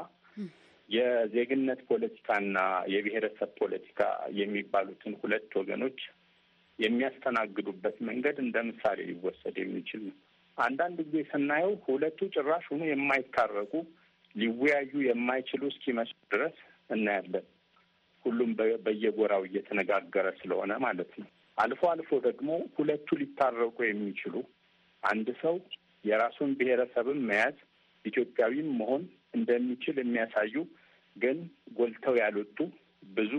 የዜግነት ፖለቲካና የብሔረሰብ ፖለቲካ የሚባሉትን ሁለት ወገኖች የሚያስተናግዱበት መንገድ እንደ ምሳሌ ሊወሰድ የሚችል ነው። አንዳንድ ጊዜ ስናየው ሁለቱ ጭራሽ ሆኖ የማይታረቁ ሊወያዩ የማይችሉ እስኪመስሉ ድረስ እናያለን። ሁሉም በየጎራው እየተነጋገረ ስለሆነ ማለት ነው። አልፎ አልፎ ደግሞ ሁለቱ ሊታረቁ የሚችሉ አንድ ሰው የራሱን ብሔረሰብን መያዝ ኢትዮጵያዊም መሆን እንደሚችል የሚያሳዩ ግን ጎልተው ያልወጡ ብዙ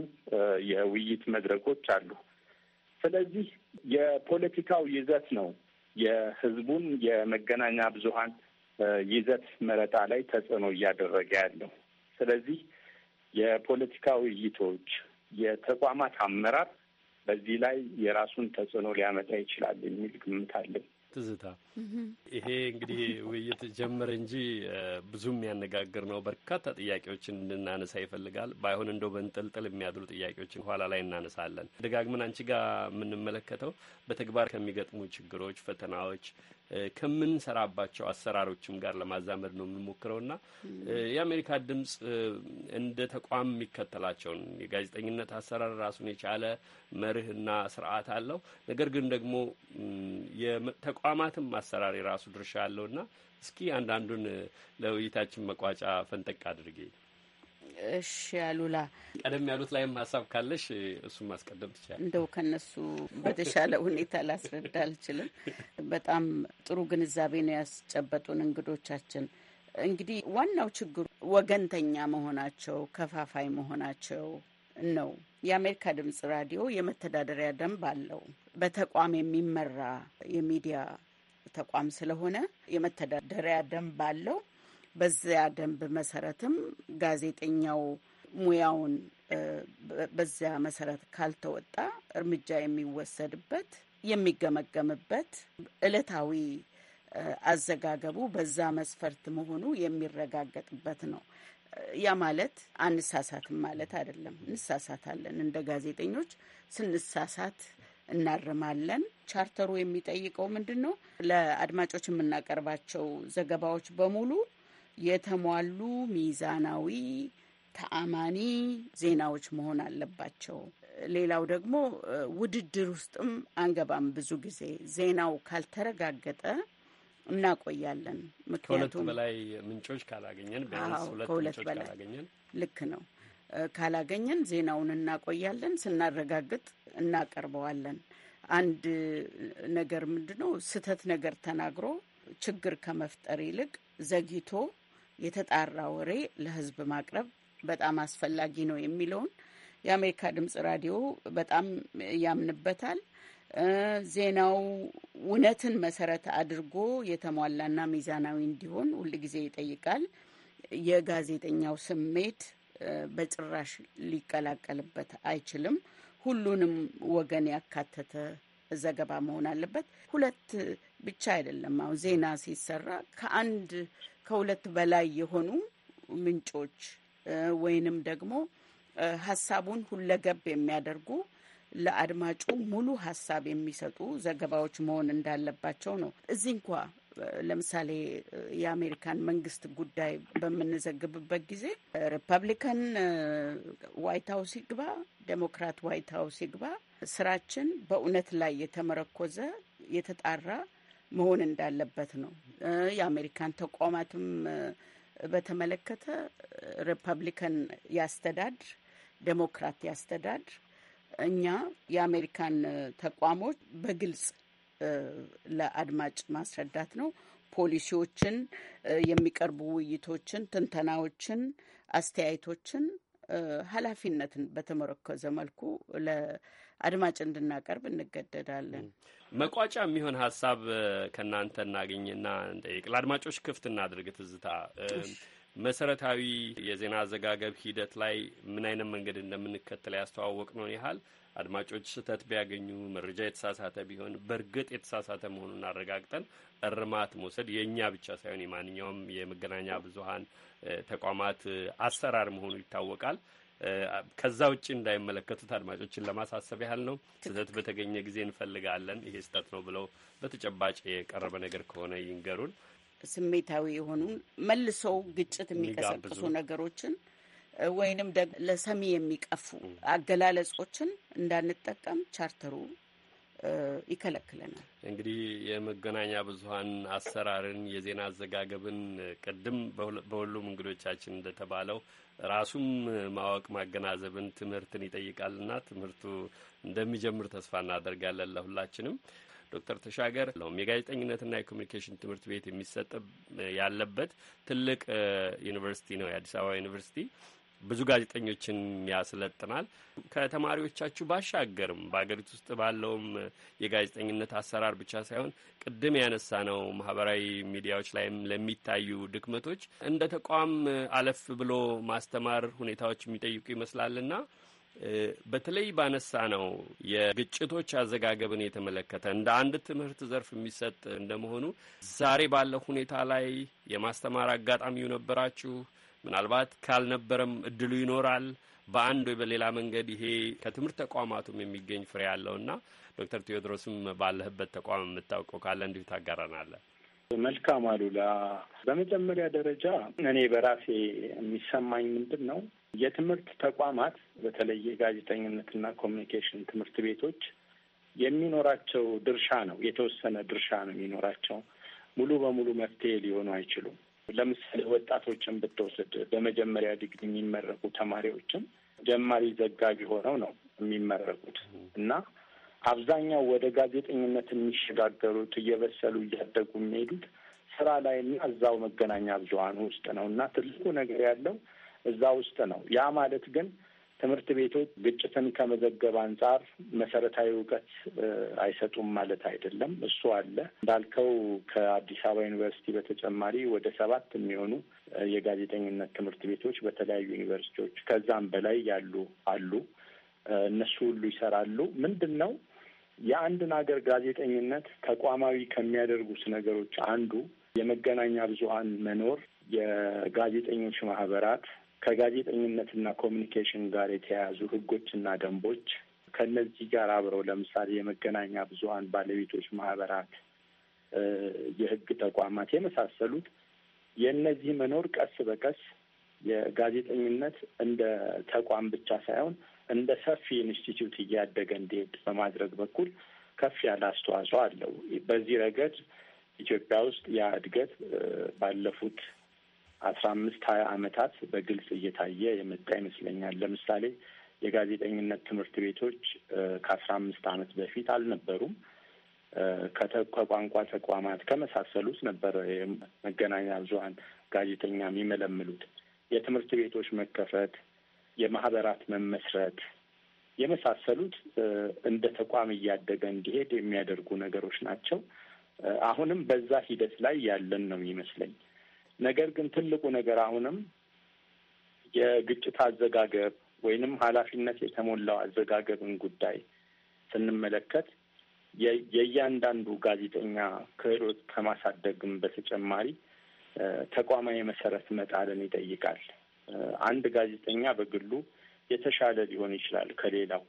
የውይይት መድረኮች አሉ። ስለዚህ የፖለቲካው ይዘት ነው የህዝቡን የመገናኛ ብዙሀን ይዘት መረጣ ላይ ተጽዕኖ እያደረገ ያለው። ስለዚህ የፖለቲካ ውይይቶች፣ የተቋማት አመራር በዚህ ላይ የራሱን ተጽዕኖ ሊያመጣ ይችላል የሚል ግምት አለኝ። ትዝታ ይሄ እንግዲህ ውይይት ጀመረ እንጂ ብዙም የሚያነጋግር ነው። በርካታ ጥያቄዎችን እንድናነሳ ይፈልጋል። ባይሆን እንደው በንጥልጥል የሚያድሩ ጥያቄዎችን ኋላ ላይ እናነሳለን። ደጋግመን አንቺ ጋር የምንመለከተው በተግባር ከሚገጥሙ ችግሮች፣ ፈተናዎች ከምንሰራባቸው አሰራሮችም ጋር ለማዛመድ ነው የምንሞክረውና የአሜሪካ ድምጽ እንደ ተቋም የሚከተላቸውን የጋዜጠኝነት አሰራር ራሱን የቻለ መርህና ስርዓት አለው። ነገር ግን ደግሞ የተቋማትም አሰራር የራሱ ድርሻ አለውና እስኪ አንዳንዱን ለውይይታችን መቋጫ ፈንጠቅ አድርጌ እሺ አሉላ፣ ቀደም ያሉት ላይም ሀሳብ ካለሽ እሱን ማስቀደም ትችላል። እንደው ከነሱ በተሻለ ሁኔታ ላስረዳ አልችልም። በጣም ጥሩ ግንዛቤ ነው ያስጨበጡን እንግዶቻችን። እንግዲህ ዋናው ችግሩ ወገንተኛ መሆናቸው፣ ከፋፋይ መሆናቸው ነው። የአሜሪካ ድምጽ ራዲዮ የመተዳደሪያ ደንብ አለው። በተቋም የሚመራ የሚዲያ ተቋም ስለሆነ የመተዳደሪያ ደንብ አለው። በዚያ ደንብ መሰረትም ጋዜጠኛው ሙያውን በዚያ መሰረት ካልተወጣ እርምጃ የሚወሰድበት የሚገመገምበት እለታዊ አዘጋገቡ በዛ መስፈርት መሆኑ የሚረጋገጥበት ነው። ያ ማለት አንሳሳትም ማለት አይደለም። እንሳሳታለን። እንደ ጋዜጠኞች ስንሳሳት እናርማለን። ቻርተሩ የሚጠይቀው ምንድን ነው? ለአድማጮች የምናቀርባቸው ዘገባዎች በሙሉ የተሟሉ ሚዛናዊ፣ ተአማኒ ዜናዎች መሆን አለባቸው። ሌላው ደግሞ ውድድር ውስጥም አንገባም። ብዙ ጊዜ ዜናው ካልተረጋገጠ እናቆያለን። ምክንያቱም በላይ ምንጮች ካላገኘን ከሁለት በላይ ልክ ነው ካላገኘን ዜናውን እናቆያለን። ስናረጋግጥ እናቀርበዋለን። አንድ ነገር ምንድነው ስህተት ነገር ተናግሮ ችግር ከመፍጠር ይልቅ ዘግይቶ የተጣራ ወሬ ለህዝብ ማቅረብ በጣም አስፈላጊ ነው የሚለውን የአሜሪካ ድምጽ ራዲዮ በጣም ያምንበታል። ዜናው እውነትን መሰረት አድርጎ የተሟላና ሚዛናዊ እንዲሆን ሁልጊዜ ይጠይቃል። የጋዜጠኛው ስሜት በጭራሽ ሊቀላቀልበት አይችልም። ሁሉንም ወገን ያካተተ ዘገባ መሆን አለበት። ሁለት ብቻ አይደለም። አሁን ዜና ሲሰራ ከአንድ ከሁለት በላይ የሆኑ ምንጮች ወይንም ደግሞ ሀሳቡን ሁለገብ የሚያደርጉ ለአድማጩ ሙሉ ሀሳብ የሚሰጡ ዘገባዎች መሆን እንዳለባቸው ነው። እዚህ እንኳ ለምሳሌ የአሜሪካን መንግስት ጉዳይ በምንዘግብበት ጊዜ ሪፐብሊካን ዋይት ሀውስ ይግባ፣ ዴሞክራት ዋይት ሀውስ ይግባ፣ ስራችን በእውነት ላይ የተመረኮዘ የተጣራ መሆን እንዳለበት ነው። የአሜሪካን ተቋማትም በተመለከተ ሪፐብሊካን ያስተዳድር፣ ዴሞክራት ያስተዳድር፣ እኛ የአሜሪካን ተቋሞች በግልጽ ለአድማጭ ማስረዳት ነው። ፖሊሲዎችን፣ የሚቀርቡ ውይይቶችን፣ ትንተናዎችን፣ አስተያየቶችን ኃላፊነትን በተመረከዘ መልኩ አድማጭ እንድናቀርብ እንገደዳለን። መቋጫ የሚሆን ሀሳብ ከእናንተ እናገኝና እንጠይቅ። ለአድማጮች ክፍት እናድርግ። ትዝታ መሰረታዊ የዜና አዘጋገብ ሂደት ላይ ምን አይነት መንገድ እንደምንከተል ያስተዋወቅ ነው ያህል አድማጮች ስህተት ቢያገኙ መረጃ የተሳሳተ ቢሆን በእርግጥ የተሳሳተ መሆኑን አረጋግጠን እርማት መውሰድ የእኛ ብቻ ሳይሆን የማንኛውም የመገናኛ ብዙኃን ተቋማት አሰራር መሆኑ ይታወቃል። ከዛ ውጭ እንዳይመለከቱት አድማጮችን ለማሳሰብ ያህል ነው። ስህተት በተገኘ ጊዜ እንፈልጋለን። ይሄ ስህተት ነው ብለው በተጨባጭ የቀረበ ነገር ከሆነ ይንገሩን። ስሜታዊ የሆኑ መልሶ ግጭት የሚቀሰቅሱ ነገሮችን ወይንም ደግሞ ለሰሚ የሚቀፉ አገላለጾችን እንዳንጠቀም ቻርተሩ ይከለክለናል። እንግዲህ የመገናኛ ብዙኃን አሰራርን፣ የዜና አዘጋገብን ቅድም በሁሉም እንግዶቻችን እንደተባለው ራሱም ማወቅ ማገናዘብን፣ ትምህርትን ይጠይቃልና ትምህርቱ እንደሚጀምር ተስፋ እናደርጋለን ለሁላችንም። ዶክተር ተሻገር ለውም የጋዜጠኝነትና የኮሚኒኬሽን ትምህርት ቤት የሚሰጥ ያለበት ትልቅ ዩኒቨርሲቲ ነው የአዲስ አበባ ዩኒቨርሲቲ። ብዙ ጋዜጠኞችን ያስለጥናል። ከተማሪዎቻችሁ ባሻገርም በሀገሪቱ ውስጥ ባለውም የጋዜጠኝነት አሰራር ብቻ ሳይሆን ቅድም ያነሳ ነው ማህበራዊ ሚዲያዎች ላይም ለሚታዩ ድክመቶች እንደ ተቋም አለፍ ብሎ ማስተማር ሁኔታዎች የሚጠይቁ ይመስላልና በተለይ ባነሳ ነው የግጭቶች አዘጋገብን የተመለከተ እንደ አንድ ትምህርት ዘርፍ የሚሰጥ እንደመሆኑ ዛሬ ባለው ሁኔታ ላይ የማስተማር አጋጣሚው ነበራችሁ? ምናልባት ካልነበረም እድሉ ይኖራል። በአንድ ወይ በሌላ መንገድ ይሄ ከትምህርት ተቋማቱም የሚገኝ ፍሬ ያለውና ዶክተር ቴዎድሮስም ባለህበት ተቋም የምታውቀው ካለ እንዲሁ ታጋራናለህ። መልካም አሉላ። በመጀመሪያ ደረጃ እኔ በራሴ የሚሰማኝ ምንድን ነው የትምህርት ተቋማት በተለይ የጋዜጠኝነትና ኮሚኒኬሽን ትምህርት ቤቶች የሚኖራቸው ድርሻ ነው የተወሰነ ድርሻ ነው የሚኖራቸው። ሙሉ በሙሉ መፍትሄ ሊሆኑ አይችሉም። ለምሳሌ ወጣቶችን ብትወስድ በመጀመሪያ ዲግሪ የሚመረቁ ተማሪዎችን ጀማሪ ዘጋቢ ሆነው ነው የሚመረቁት እና አብዛኛው ወደ ጋዜጠኝነት የሚሸጋገሩት እየበሰሉ እያደጉ የሚሄዱት ስራ ላይና እዛው መገናኛ ብዙኃን ውስጥ ነው እና ትልቁ ነገር ያለው እዛ ውስጥ ነው። ያ ማለት ግን ትምህርት ቤቶች ግጭትን ከመዘገብ አንጻር መሰረታዊ እውቀት አይሰጡም ማለት አይደለም። እሱ አለ እንዳልከው ከአዲስ አበባ ዩኒቨርሲቲ በተጨማሪ ወደ ሰባት የሚሆኑ የጋዜጠኝነት ትምህርት ቤቶች በተለያዩ ዩኒቨርሲቲዎች ከዛም በላይ ያሉ አሉ። እነሱ ሁሉ ይሰራሉ። ምንድን ነው የአንድን ሀገር ጋዜጠኝነት ተቋማዊ ከሚያደርጉት ነገሮች አንዱ የመገናኛ ብዙኃን መኖር የጋዜጠኞች ማህበራት ከጋዜጠኝነትና ኮሚኒኬሽን ጋር የተያያዙ ህጎችና ደንቦች ከነዚህ ጋር አብረው ለምሳሌ የመገናኛ ብዙሀን ባለቤቶች ማህበራት፣ የህግ ተቋማት የመሳሰሉት የእነዚህ መኖር ቀስ በቀስ የጋዜጠኝነት እንደ ተቋም ብቻ ሳይሆን እንደ ሰፊ ኢንስቲትዩት እያደገ እንዲሄድ በማድረግ በኩል ከፍ ያለ አስተዋጽኦ አለው። በዚህ ረገድ ኢትዮጵያ ውስጥ ያ እድገት ባለፉት አስራ አምስት ሀያ አመታት በግልጽ እየታየ የመጣ ይመስለኛል። ለምሳሌ የጋዜጠኝነት ትምህርት ቤቶች ከአስራ አምስት አመት በፊት አልነበሩም። ከቋንቋ ተቋማት ከመሳሰሉት ነበረ መገናኛ ብዙሀን ጋዜጠኛ የሚመለምሉት። የትምህርት ቤቶች መከፈት፣ የማህበራት መመስረት የመሳሰሉት እንደ ተቋም እያደገ እንዲሄድ የሚያደርጉ ነገሮች ናቸው። አሁንም በዛ ሂደት ላይ ያለን ነው ይመስለኝ። ነገር ግን ትልቁ ነገር አሁንም የግጭት አዘጋገብ ወይንም ኃላፊነት የተሞላው አዘጋገብን ጉዳይ ስንመለከት የእያንዳንዱ ጋዜጠኛ ክህሎት ከማሳደግም በተጨማሪ ተቋማዊ መሰረት መጣልን ይጠይቃል። አንድ ጋዜጠኛ በግሉ የተሻለ ሊሆን ይችላል ከሌላው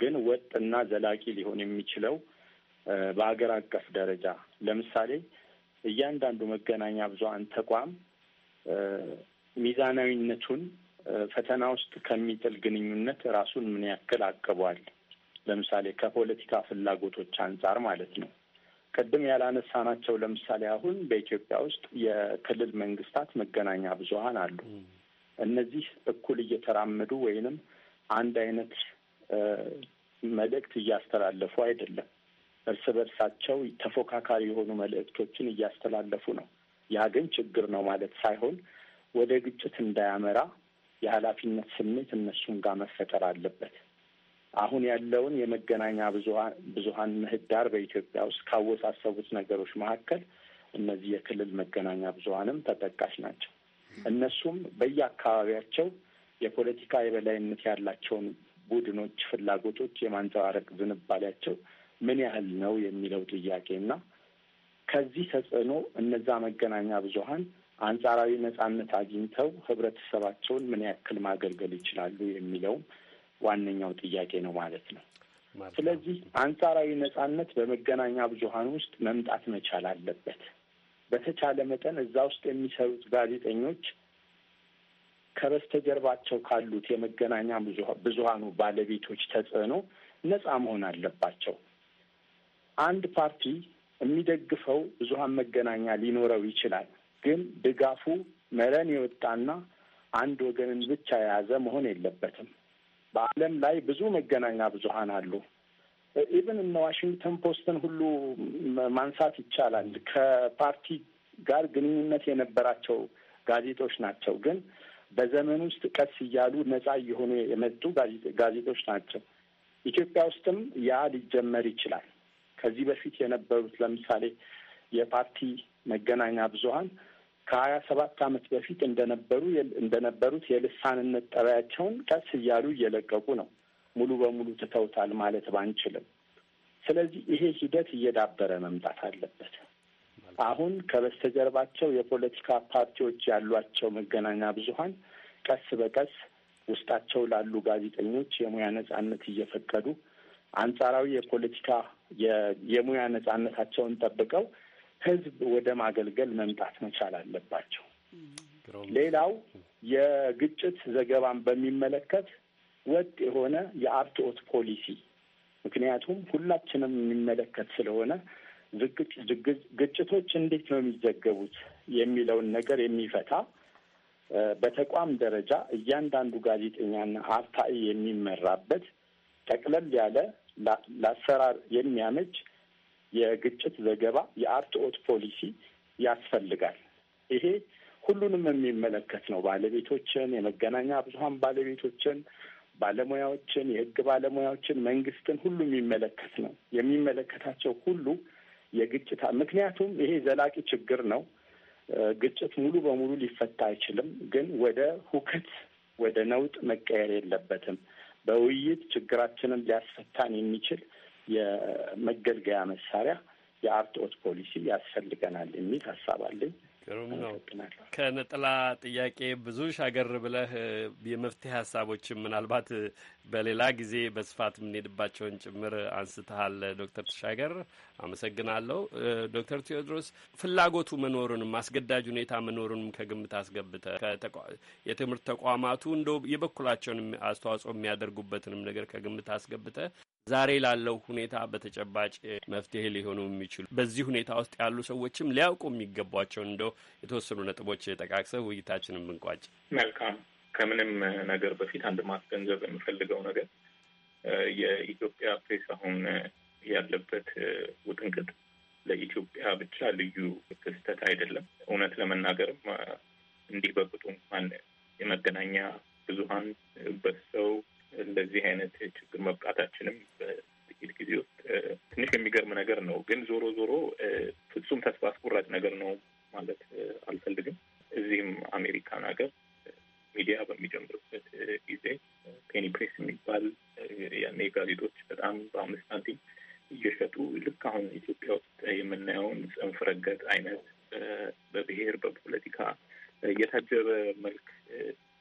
ግን ወጥና ዘላቂ ሊሆን የሚችለው በሀገር አቀፍ ደረጃ ለምሳሌ እያንዳንዱ መገናኛ ብዙሀን ተቋም ሚዛናዊነቱን ፈተና ውስጥ ከሚጥል ግንኙነት ራሱን ምን ያክል አቅቧል? ለምሳሌ ከፖለቲካ ፍላጎቶች አንጻር ማለት ነው። ቅድም ያላነሳናቸው ለምሳሌ አሁን በኢትዮጵያ ውስጥ የክልል መንግስታት መገናኛ ብዙሀን አሉ። እነዚህ እኩል እየተራመዱ ወይንም አንድ አይነት መልእክት እያስተላለፉ አይደለም። እርስ በርሳቸው ተፎካካሪ የሆኑ መልእክቶችን እያስተላለፉ ነው። ያ ግን ችግር ነው ማለት ሳይሆን ወደ ግጭት እንዳያመራ የኃላፊነት ስሜት እነሱም ጋር መፈጠር አለበት። አሁን ያለውን የመገናኛ ብዙሀን ብዙሀን ምህዳር በኢትዮጵያ ውስጥ ካወሳሰቡት ነገሮች መካከል እነዚህ የክልል መገናኛ ብዙሀንም ተጠቃሽ ናቸው። እነሱም በየአካባቢያቸው የፖለቲካ የበላይነት ያላቸውን ቡድኖች ፍላጎቶች የማንጸባረቅ ዝንባሌያቸው ምን ያህል ነው የሚለው ጥያቄ እና ከዚህ ተጽዕኖ እነዛ መገናኛ ብዙሀን አንጻራዊ ነጻነት አግኝተው ህብረተሰባቸውን ምን ያክል ማገልገል ይችላሉ የሚለውም ዋነኛው ጥያቄ ነው ማለት ነው። ስለዚህ አንጻራዊ ነጻነት በመገናኛ ብዙሀን ውስጥ መምጣት መቻል አለበት። በተቻለ መጠን እዛ ውስጥ የሚሰሩት ጋዜጠኞች ከበስተጀርባቸው ካሉት የመገናኛ ብዙሀኑ ባለቤቶች ተጽዕኖ ነጻ መሆን አለባቸው። አንድ ፓርቲ የሚደግፈው ብዙሀን መገናኛ ሊኖረው ይችላል። ግን ድጋፉ መረን የወጣና አንድ ወገንን ብቻ የያዘ መሆን የለበትም። በዓለም ላይ ብዙ መገናኛ ብዙሀን አሉ። ኢቨን እነ ዋሽንግተን ፖስትን ሁሉ ማንሳት ይቻላል። ከፓርቲ ጋር ግንኙነት የነበራቸው ጋዜጦች ናቸው። ግን በዘመን ውስጥ ቀስ እያሉ ነጻ እየሆኑ የመጡ ጋዜጦች ናቸው። ኢትዮጵያ ውስጥም ያ ሊጀመር ይችላል። ከዚህ በፊት የነበሩት ለምሳሌ የፓርቲ መገናኛ ብዙሀን ከሀያ ሰባት አመት በፊት እንደነበሩ እንደነበሩት የልሳንነት ጠባያቸውን ቀስ እያሉ እየለቀቁ ነው። ሙሉ በሙሉ ትተውታል ማለት ባንችልም፣ ስለዚህ ይሄ ሂደት እየዳበረ መምጣት አለበት። አሁን ከበስተጀርባቸው የፖለቲካ ፓርቲዎች ያሏቸው መገናኛ ብዙሀን ቀስ በቀስ ውስጣቸው ላሉ ጋዜጠኞች የሙያ ነጻነት እየፈቀዱ አንጻራዊ የፖለቲካ የሙያ ነጻነታቸውን ጠብቀው ህዝብ ወደ ማገልገል መምጣት መቻል አለባቸው። ሌላው የግጭት ዘገባን በሚመለከት ወጥ የሆነ የአብትኦት ፖሊሲ ምክንያቱም ሁላችንም የሚመለከት ስለሆነ ግጭቶች እንዴት ነው የሚዘገቡት የሚለውን ነገር የሚፈታ በተቋም ደረጃ እያንዳንዱ ጋዜጠኛና አርታኢ የሚመራበት ጠቅለል ያለ ለአሰራር የሚያመች የግጭት ዘገባ የአርትኦት ፖሊሲ ያስፈልጋል። ይሄ ሁሉንም የሚመለከት ነው። ባለቤቶችን፣ የመገናኛ ብዙሀን ባለቤቶችን፣ ባለሙያዎችን፣ የህግ ባለሙያዎችን፣ መንግስትን ሁሉ የሚመለከት ነው። የሚመለከታቸው ሁሉ የግጭት ምክንያቱም ይሄ ዘላቂ ችግር ነው። ግጭት ሙሉ በሙሉ ሊፈታ አይችልም፣ ግን ወደ ሁከት ወደ ነውጥ መቀየር የለበትም። በውይይት ችግራችንን ሊያስፈታን የሚችል የመገልገያ መሳሪያ የአርትኦት ፖሊሲ ያስፈልገናል የሚል ሀሳብ አለኝ። ከነጠላ ጥያቄ ብዙ ሻገር ብለህ የመፍትሄ ሀሳቦችን ምናልባት በሌላ ጊዜ በስፋት የምንሄድባቸውን ጭምር አንስተሃል። ዶክተር ተሻገር አመሰግናለሁ። ዶክተር ቴዎድሮስ ፍላጎቱ መኖሩንም አስገዳጅ ሁኔታ መኖሩንም ከግምት አስገብተ የትምህርት ተቋማቱ እንደ የበኩላቸውን አስተዋጽኦ የሚያደርጉበትንም ነገር ከግምት አስገብተ ዛሬ ላለው ሁኔታ በተጨባጭ መፍትሄ ሊሆኑ የሚችሉ በዚህ ሁኔታ ውስጥ ያሉ ሰዎችም ሊያውቁ የሚገቧቸው እንደው የተወሰኑ ነጥቦች ጠቃቅሰህ ውይይታችንን ብንቋጭ መልካም። ከምንም ነገር በፊት አንድ ማስገንዘብ የምፈልገው ነገር የኢትዮጵያ ፕሬስ አሁን ያለበት ውጥንቅጥ ለኢትዮጵያ ብቻ ልዩ ክስተት አይደለም። እውነት ለመናገርም እንዲህ በቁጡ እንኳን የመገናኛ ብዙሀን በሰው እንደዚህ አይነት ችግር መብቃታችንም በጥቂት ጊዜ ውስጥ ትንሽ የሚገርም ነገር ነው። ግን ዞሮ ዞሮ ፍጹም ተስፋ አስቆራጭ ነገር ነው ማለት አልፈልግም። እዚህም አሜሪካን ሀገር ሚዲያ በሚጀምርበት ጊዜ ፔኒ ፕሬስ የሚባል ያኔ ጋዜጦች በጣም በአምስት ሳንቲም እየሸጡ ልክ አሁን ኢትዮጵያ ውስጥ የምናየውን ጽንፍ ረገጥ አይነት በብሔር በፖለቲካ እየታጀበ መልክ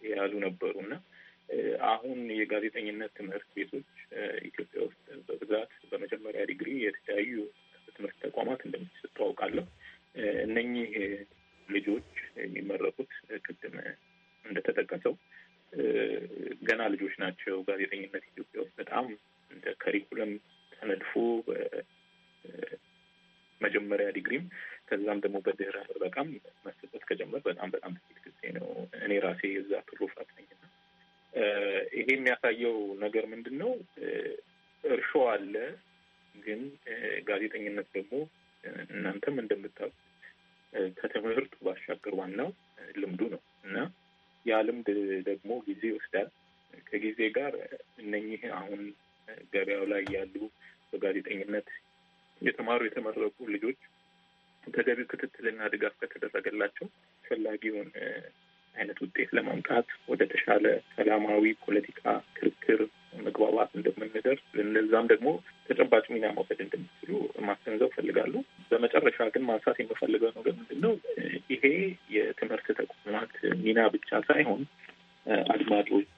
የያዙ ነበሩ እና አሁን የጋዜጠኝነት ትምህርት ቤቶች ኢትዮጵያ ውስጥ በብዛት በመጀመሪያ ዲግሪ የተለያዩ ትምህርት ተቋማት እንደሚሰጡ አውቃለሁ። እነኚህ ልጆች የሚመረቁት ቅድም እንደተጠቀሰው ገና ልጆች ናቸው። ጋዜጠኝነት ኢትዮጵያ ውስጥ በጣም እንደ ከሪኩለም ተነድፎ መጀመሪያ ዲግሪም ከዛም ደግሞ በድህረ ምረቃም መሰጠት ከጀመር በጣም በጣም ጥቂት ጊዜ ነው። እኔ ራሴ የዛ ትሩፋት ነኝና ይሄ የሚያሳየው ነገር ምንድን ነው? እርሾ አለ፣ ግን ጋዜጠኝነት ደግሞ እናንተም እንደምታውቁ ከትምህርት ባሻገር ዋናው ልምዱ ነው እና ያ ልምድ ደግሞ ጊዜ ይወስዳል። ከጊዜ ጋር እነኚህ አሁን ገበያው ላይ ያሉ በጋዜጠኝነት የተማሩ የተመረቁ ልጆች ተገቢው ክትትልና ድጋፍ ከተደረገላቸው ፈላጊውን አይነት ውጤት ለማምጣት ወደ ተሻለ ሰላማዊ ፖለቲካ ክርክር፣ መግባባት እንደምንደርስ ለነዛም ደግሞ ተጨባጭ ሚና መውሰድ እንደሚችሉ ማስገንዘብ ፈልጋሉ በመጨረሻ ግን ማንሳት የምፈልገው ነገር ምንድን ነው? ይሄ የትምህርት ተቋማት ሚና ብቻ ሳይሆን አድማጮች፣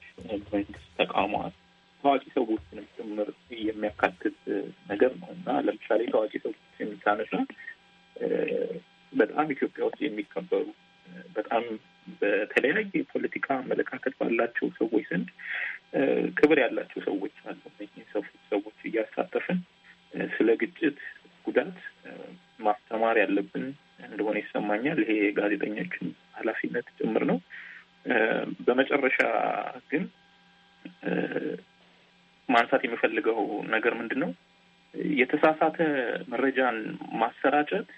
ማሰራጨት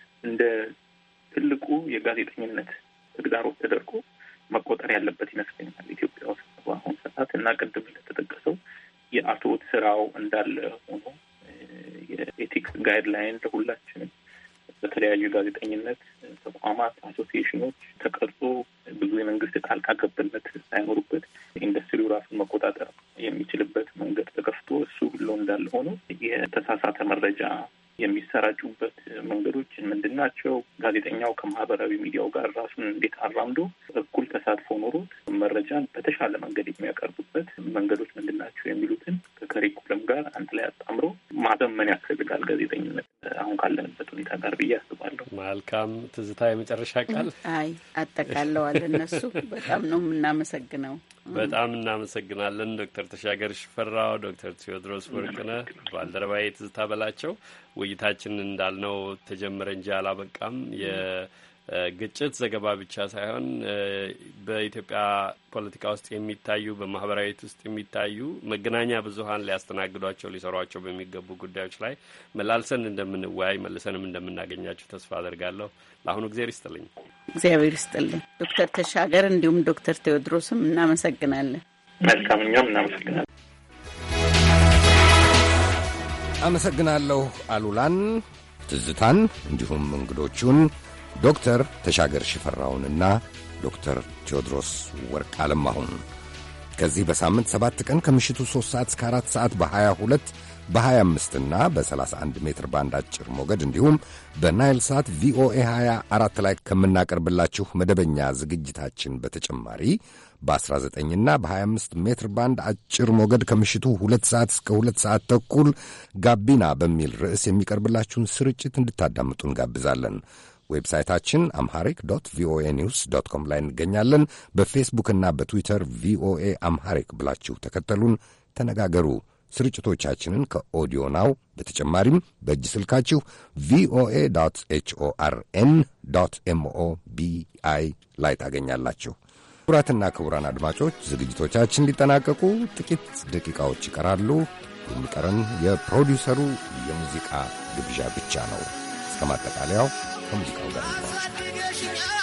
ትዝታ የመጨረሻ ቃል? አይ አጠቃለዋል። እነሱ በጣም ነው የምናመሰግነው። በጣም እናመሰግናለን ዶክተር ተሻገር ሽፈራው፣ ዶክተር ቴዎድሮስ ወርቅነህ፣ ባልደረባዬ ትዝታ በላቸው። ውይይታችን እንዳልነው ተጀመረ እንጂ አላበቃም። የግጭት ዘገባ ብቻ ሳይሆን በኢትዮጵያ ፖለቲካ ውስጥ የሚታዩ በማህበራዊት ውስጥ የሚታዩ መገናኛ ብዙሀን ሊያስተናግዷቸው ሊሰሯቸው በሚገቡ ጉዳዮች ላይ መላልሰን እንደምንወያይ መልሰንም እንደምናገኛቸው ተስፋ አደርጋለሁ። ለአሁኑ እግዚአብሔር ይስጥልኝ። እግዚአብሔር ይስጥልኝ ዶክተር ተሻገር እንዲሁም ዶክተር ቴዎድሮስም እናመሰግናለን። መልካም እኛም እናመሰግናለን። አመሰግናለሁ አሉላን፣ ትዝታን እንዲሁም እንግዶቹን ዶክተር ተሻገር ሽፈራውንና ዶክተር ቴዎድሮስ ወርቅ አለማሁን ከዚህ በሳምንት ሰባት ቀን ከምሽቱ 3 ሰዓት እስከ 4 ሰዓት በ22 በ25 እና በ31 ሜትር ባንድ አጭር ሞገድ እንዲሁም በናይል ሳት ቪኦኤ 24 ላይ ከምናቀርብላችሁ መደበኛ ዝግጅታችን በተጨማሪ በ19 እና በ25 ሜትር ባንድ አጭር ሞገድ ከምሽቱ 2 ሰዓት እስከ 2 ሰዓት ተኩል ጋቢና በሚል ርዕስ የሚቀርብላችሁን ስርጭት እንድታዳምጡ እንጋብዛለን። ዌብሳይታችን አምሐሪክ ዶት ቪኦኤ ኒውስ ዶት ኮም ላይ እንገኛለን። በፌስቡክና በትዊተር ቪኦኤ አምሐሪክ ብላችሁ ተከተሉን፣ ተነጋገሩ። ስርጭቶቻችንን ከኦዲዮ ናው በተጨማሪም በእጅ ስልካችሁ ቪኦኤ ኤችኦአርኤን ኤምኦ ቢአይ ላይ ታገኛላችሁ። ክቡራትና ክቡራን አድማጮች ዝግጅቶቻችን ሊጠናቀቁ ጥቂት ደቂቃዎች ይቀራሉ። የሚቀረን የፕሮዲውሰሩ የሙዚቃ ግብዣ ብቻ ነው። እስከ ማጠቃለያው Amerika Udarnikova.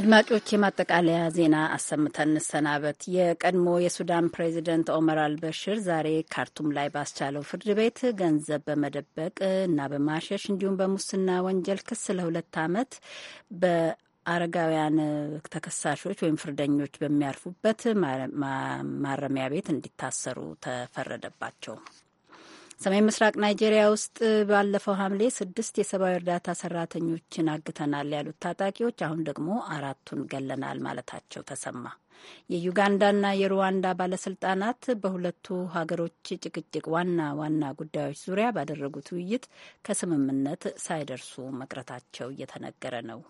አድማጮች የማጠቃለያ ዜና አሰምተን እንሰናበት። የቀድሞ የሱዳን ፕሬዚደንት ኦመር አልበሽር ዛሬ ካርቱም ላይ ባስቻለው ፍርድ ቤት ገንዘብ በመደበቅ እና በማሸሽ እንዲሁም በሙስና ወንጀል ክስ ለሁለት ዓመት በአረጋውያን ተከሳሾች ወይም ፍርደኞች በሚያርፉበት ማረሚያ ቤት እንዲታሰሩ ተፈረደባቸው። ሰሜን ምስራቅ ናይጄሪያ ውስጥ ባለፈው ሐምሌ ስድስት የሰብአዊ እርዳታ ሰራተኞችን አግተናል ያሉት ታጣቂዎች አሁን ደግሞ አራቱን ገለናል ማለታቸው ተሰማ። የዩጋንዳና የሩዋንዳ ባለስልጣናት በሁለቱ ሀገሮች ጭቅጭቅ ዋና ዋና ጉዳዮች ዙሪያ ባደረጉት ውይይት ከስምምነት ሳይደርሱ መቅረታቸው እየተነገረ ነው።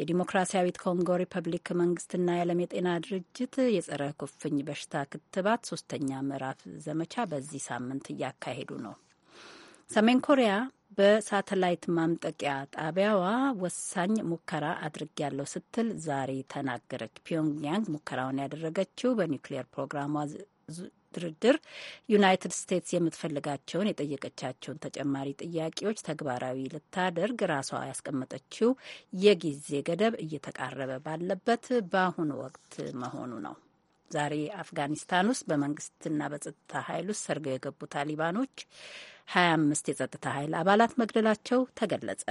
የዲሞክራሲያዊት ኮንጎ ሪፐብሊክ መንግስትና የዓለም የጤና ድርጅት የጸረ ኩፍኝ በሽታ ክትባት ሶስተኛ ምዕራፍ ዘመቻ በዚህ ሳምንት እያካሄዱ ነው። ሰሜን ኮሪያ በሳተላይት ማምጠቂያ ጣቢያዋ ወሳኝ ሙከራ ያለው ስትል ዛሬ ተናገረች። ፒዮንግያንግ ሙከራውን ያደረገችው በኒውክሌር ፕሮግራሟ ድርድር ዩናይትድ ስቴትስ የምትፈልጋቸውን የጠየቀቻቸውን ተጨማሪ ጥያቄዎች ተግባራዊ ልታደርግ ራሷ ያስቀመጠችው የጊዜ ገደብ እየተቃረበ ባለበት በአሁኑ ወቅት መሆኑ ነው። ዛሬ አፍጋኒስታን ውስጥ በመንግስትና በጸጥታ ኃይል ውስጥ ሰርገው የገቡ ታሊባኖች 2አምስት የጸጥታ ኃይል አባላት መግደላቸው ተገለጸ።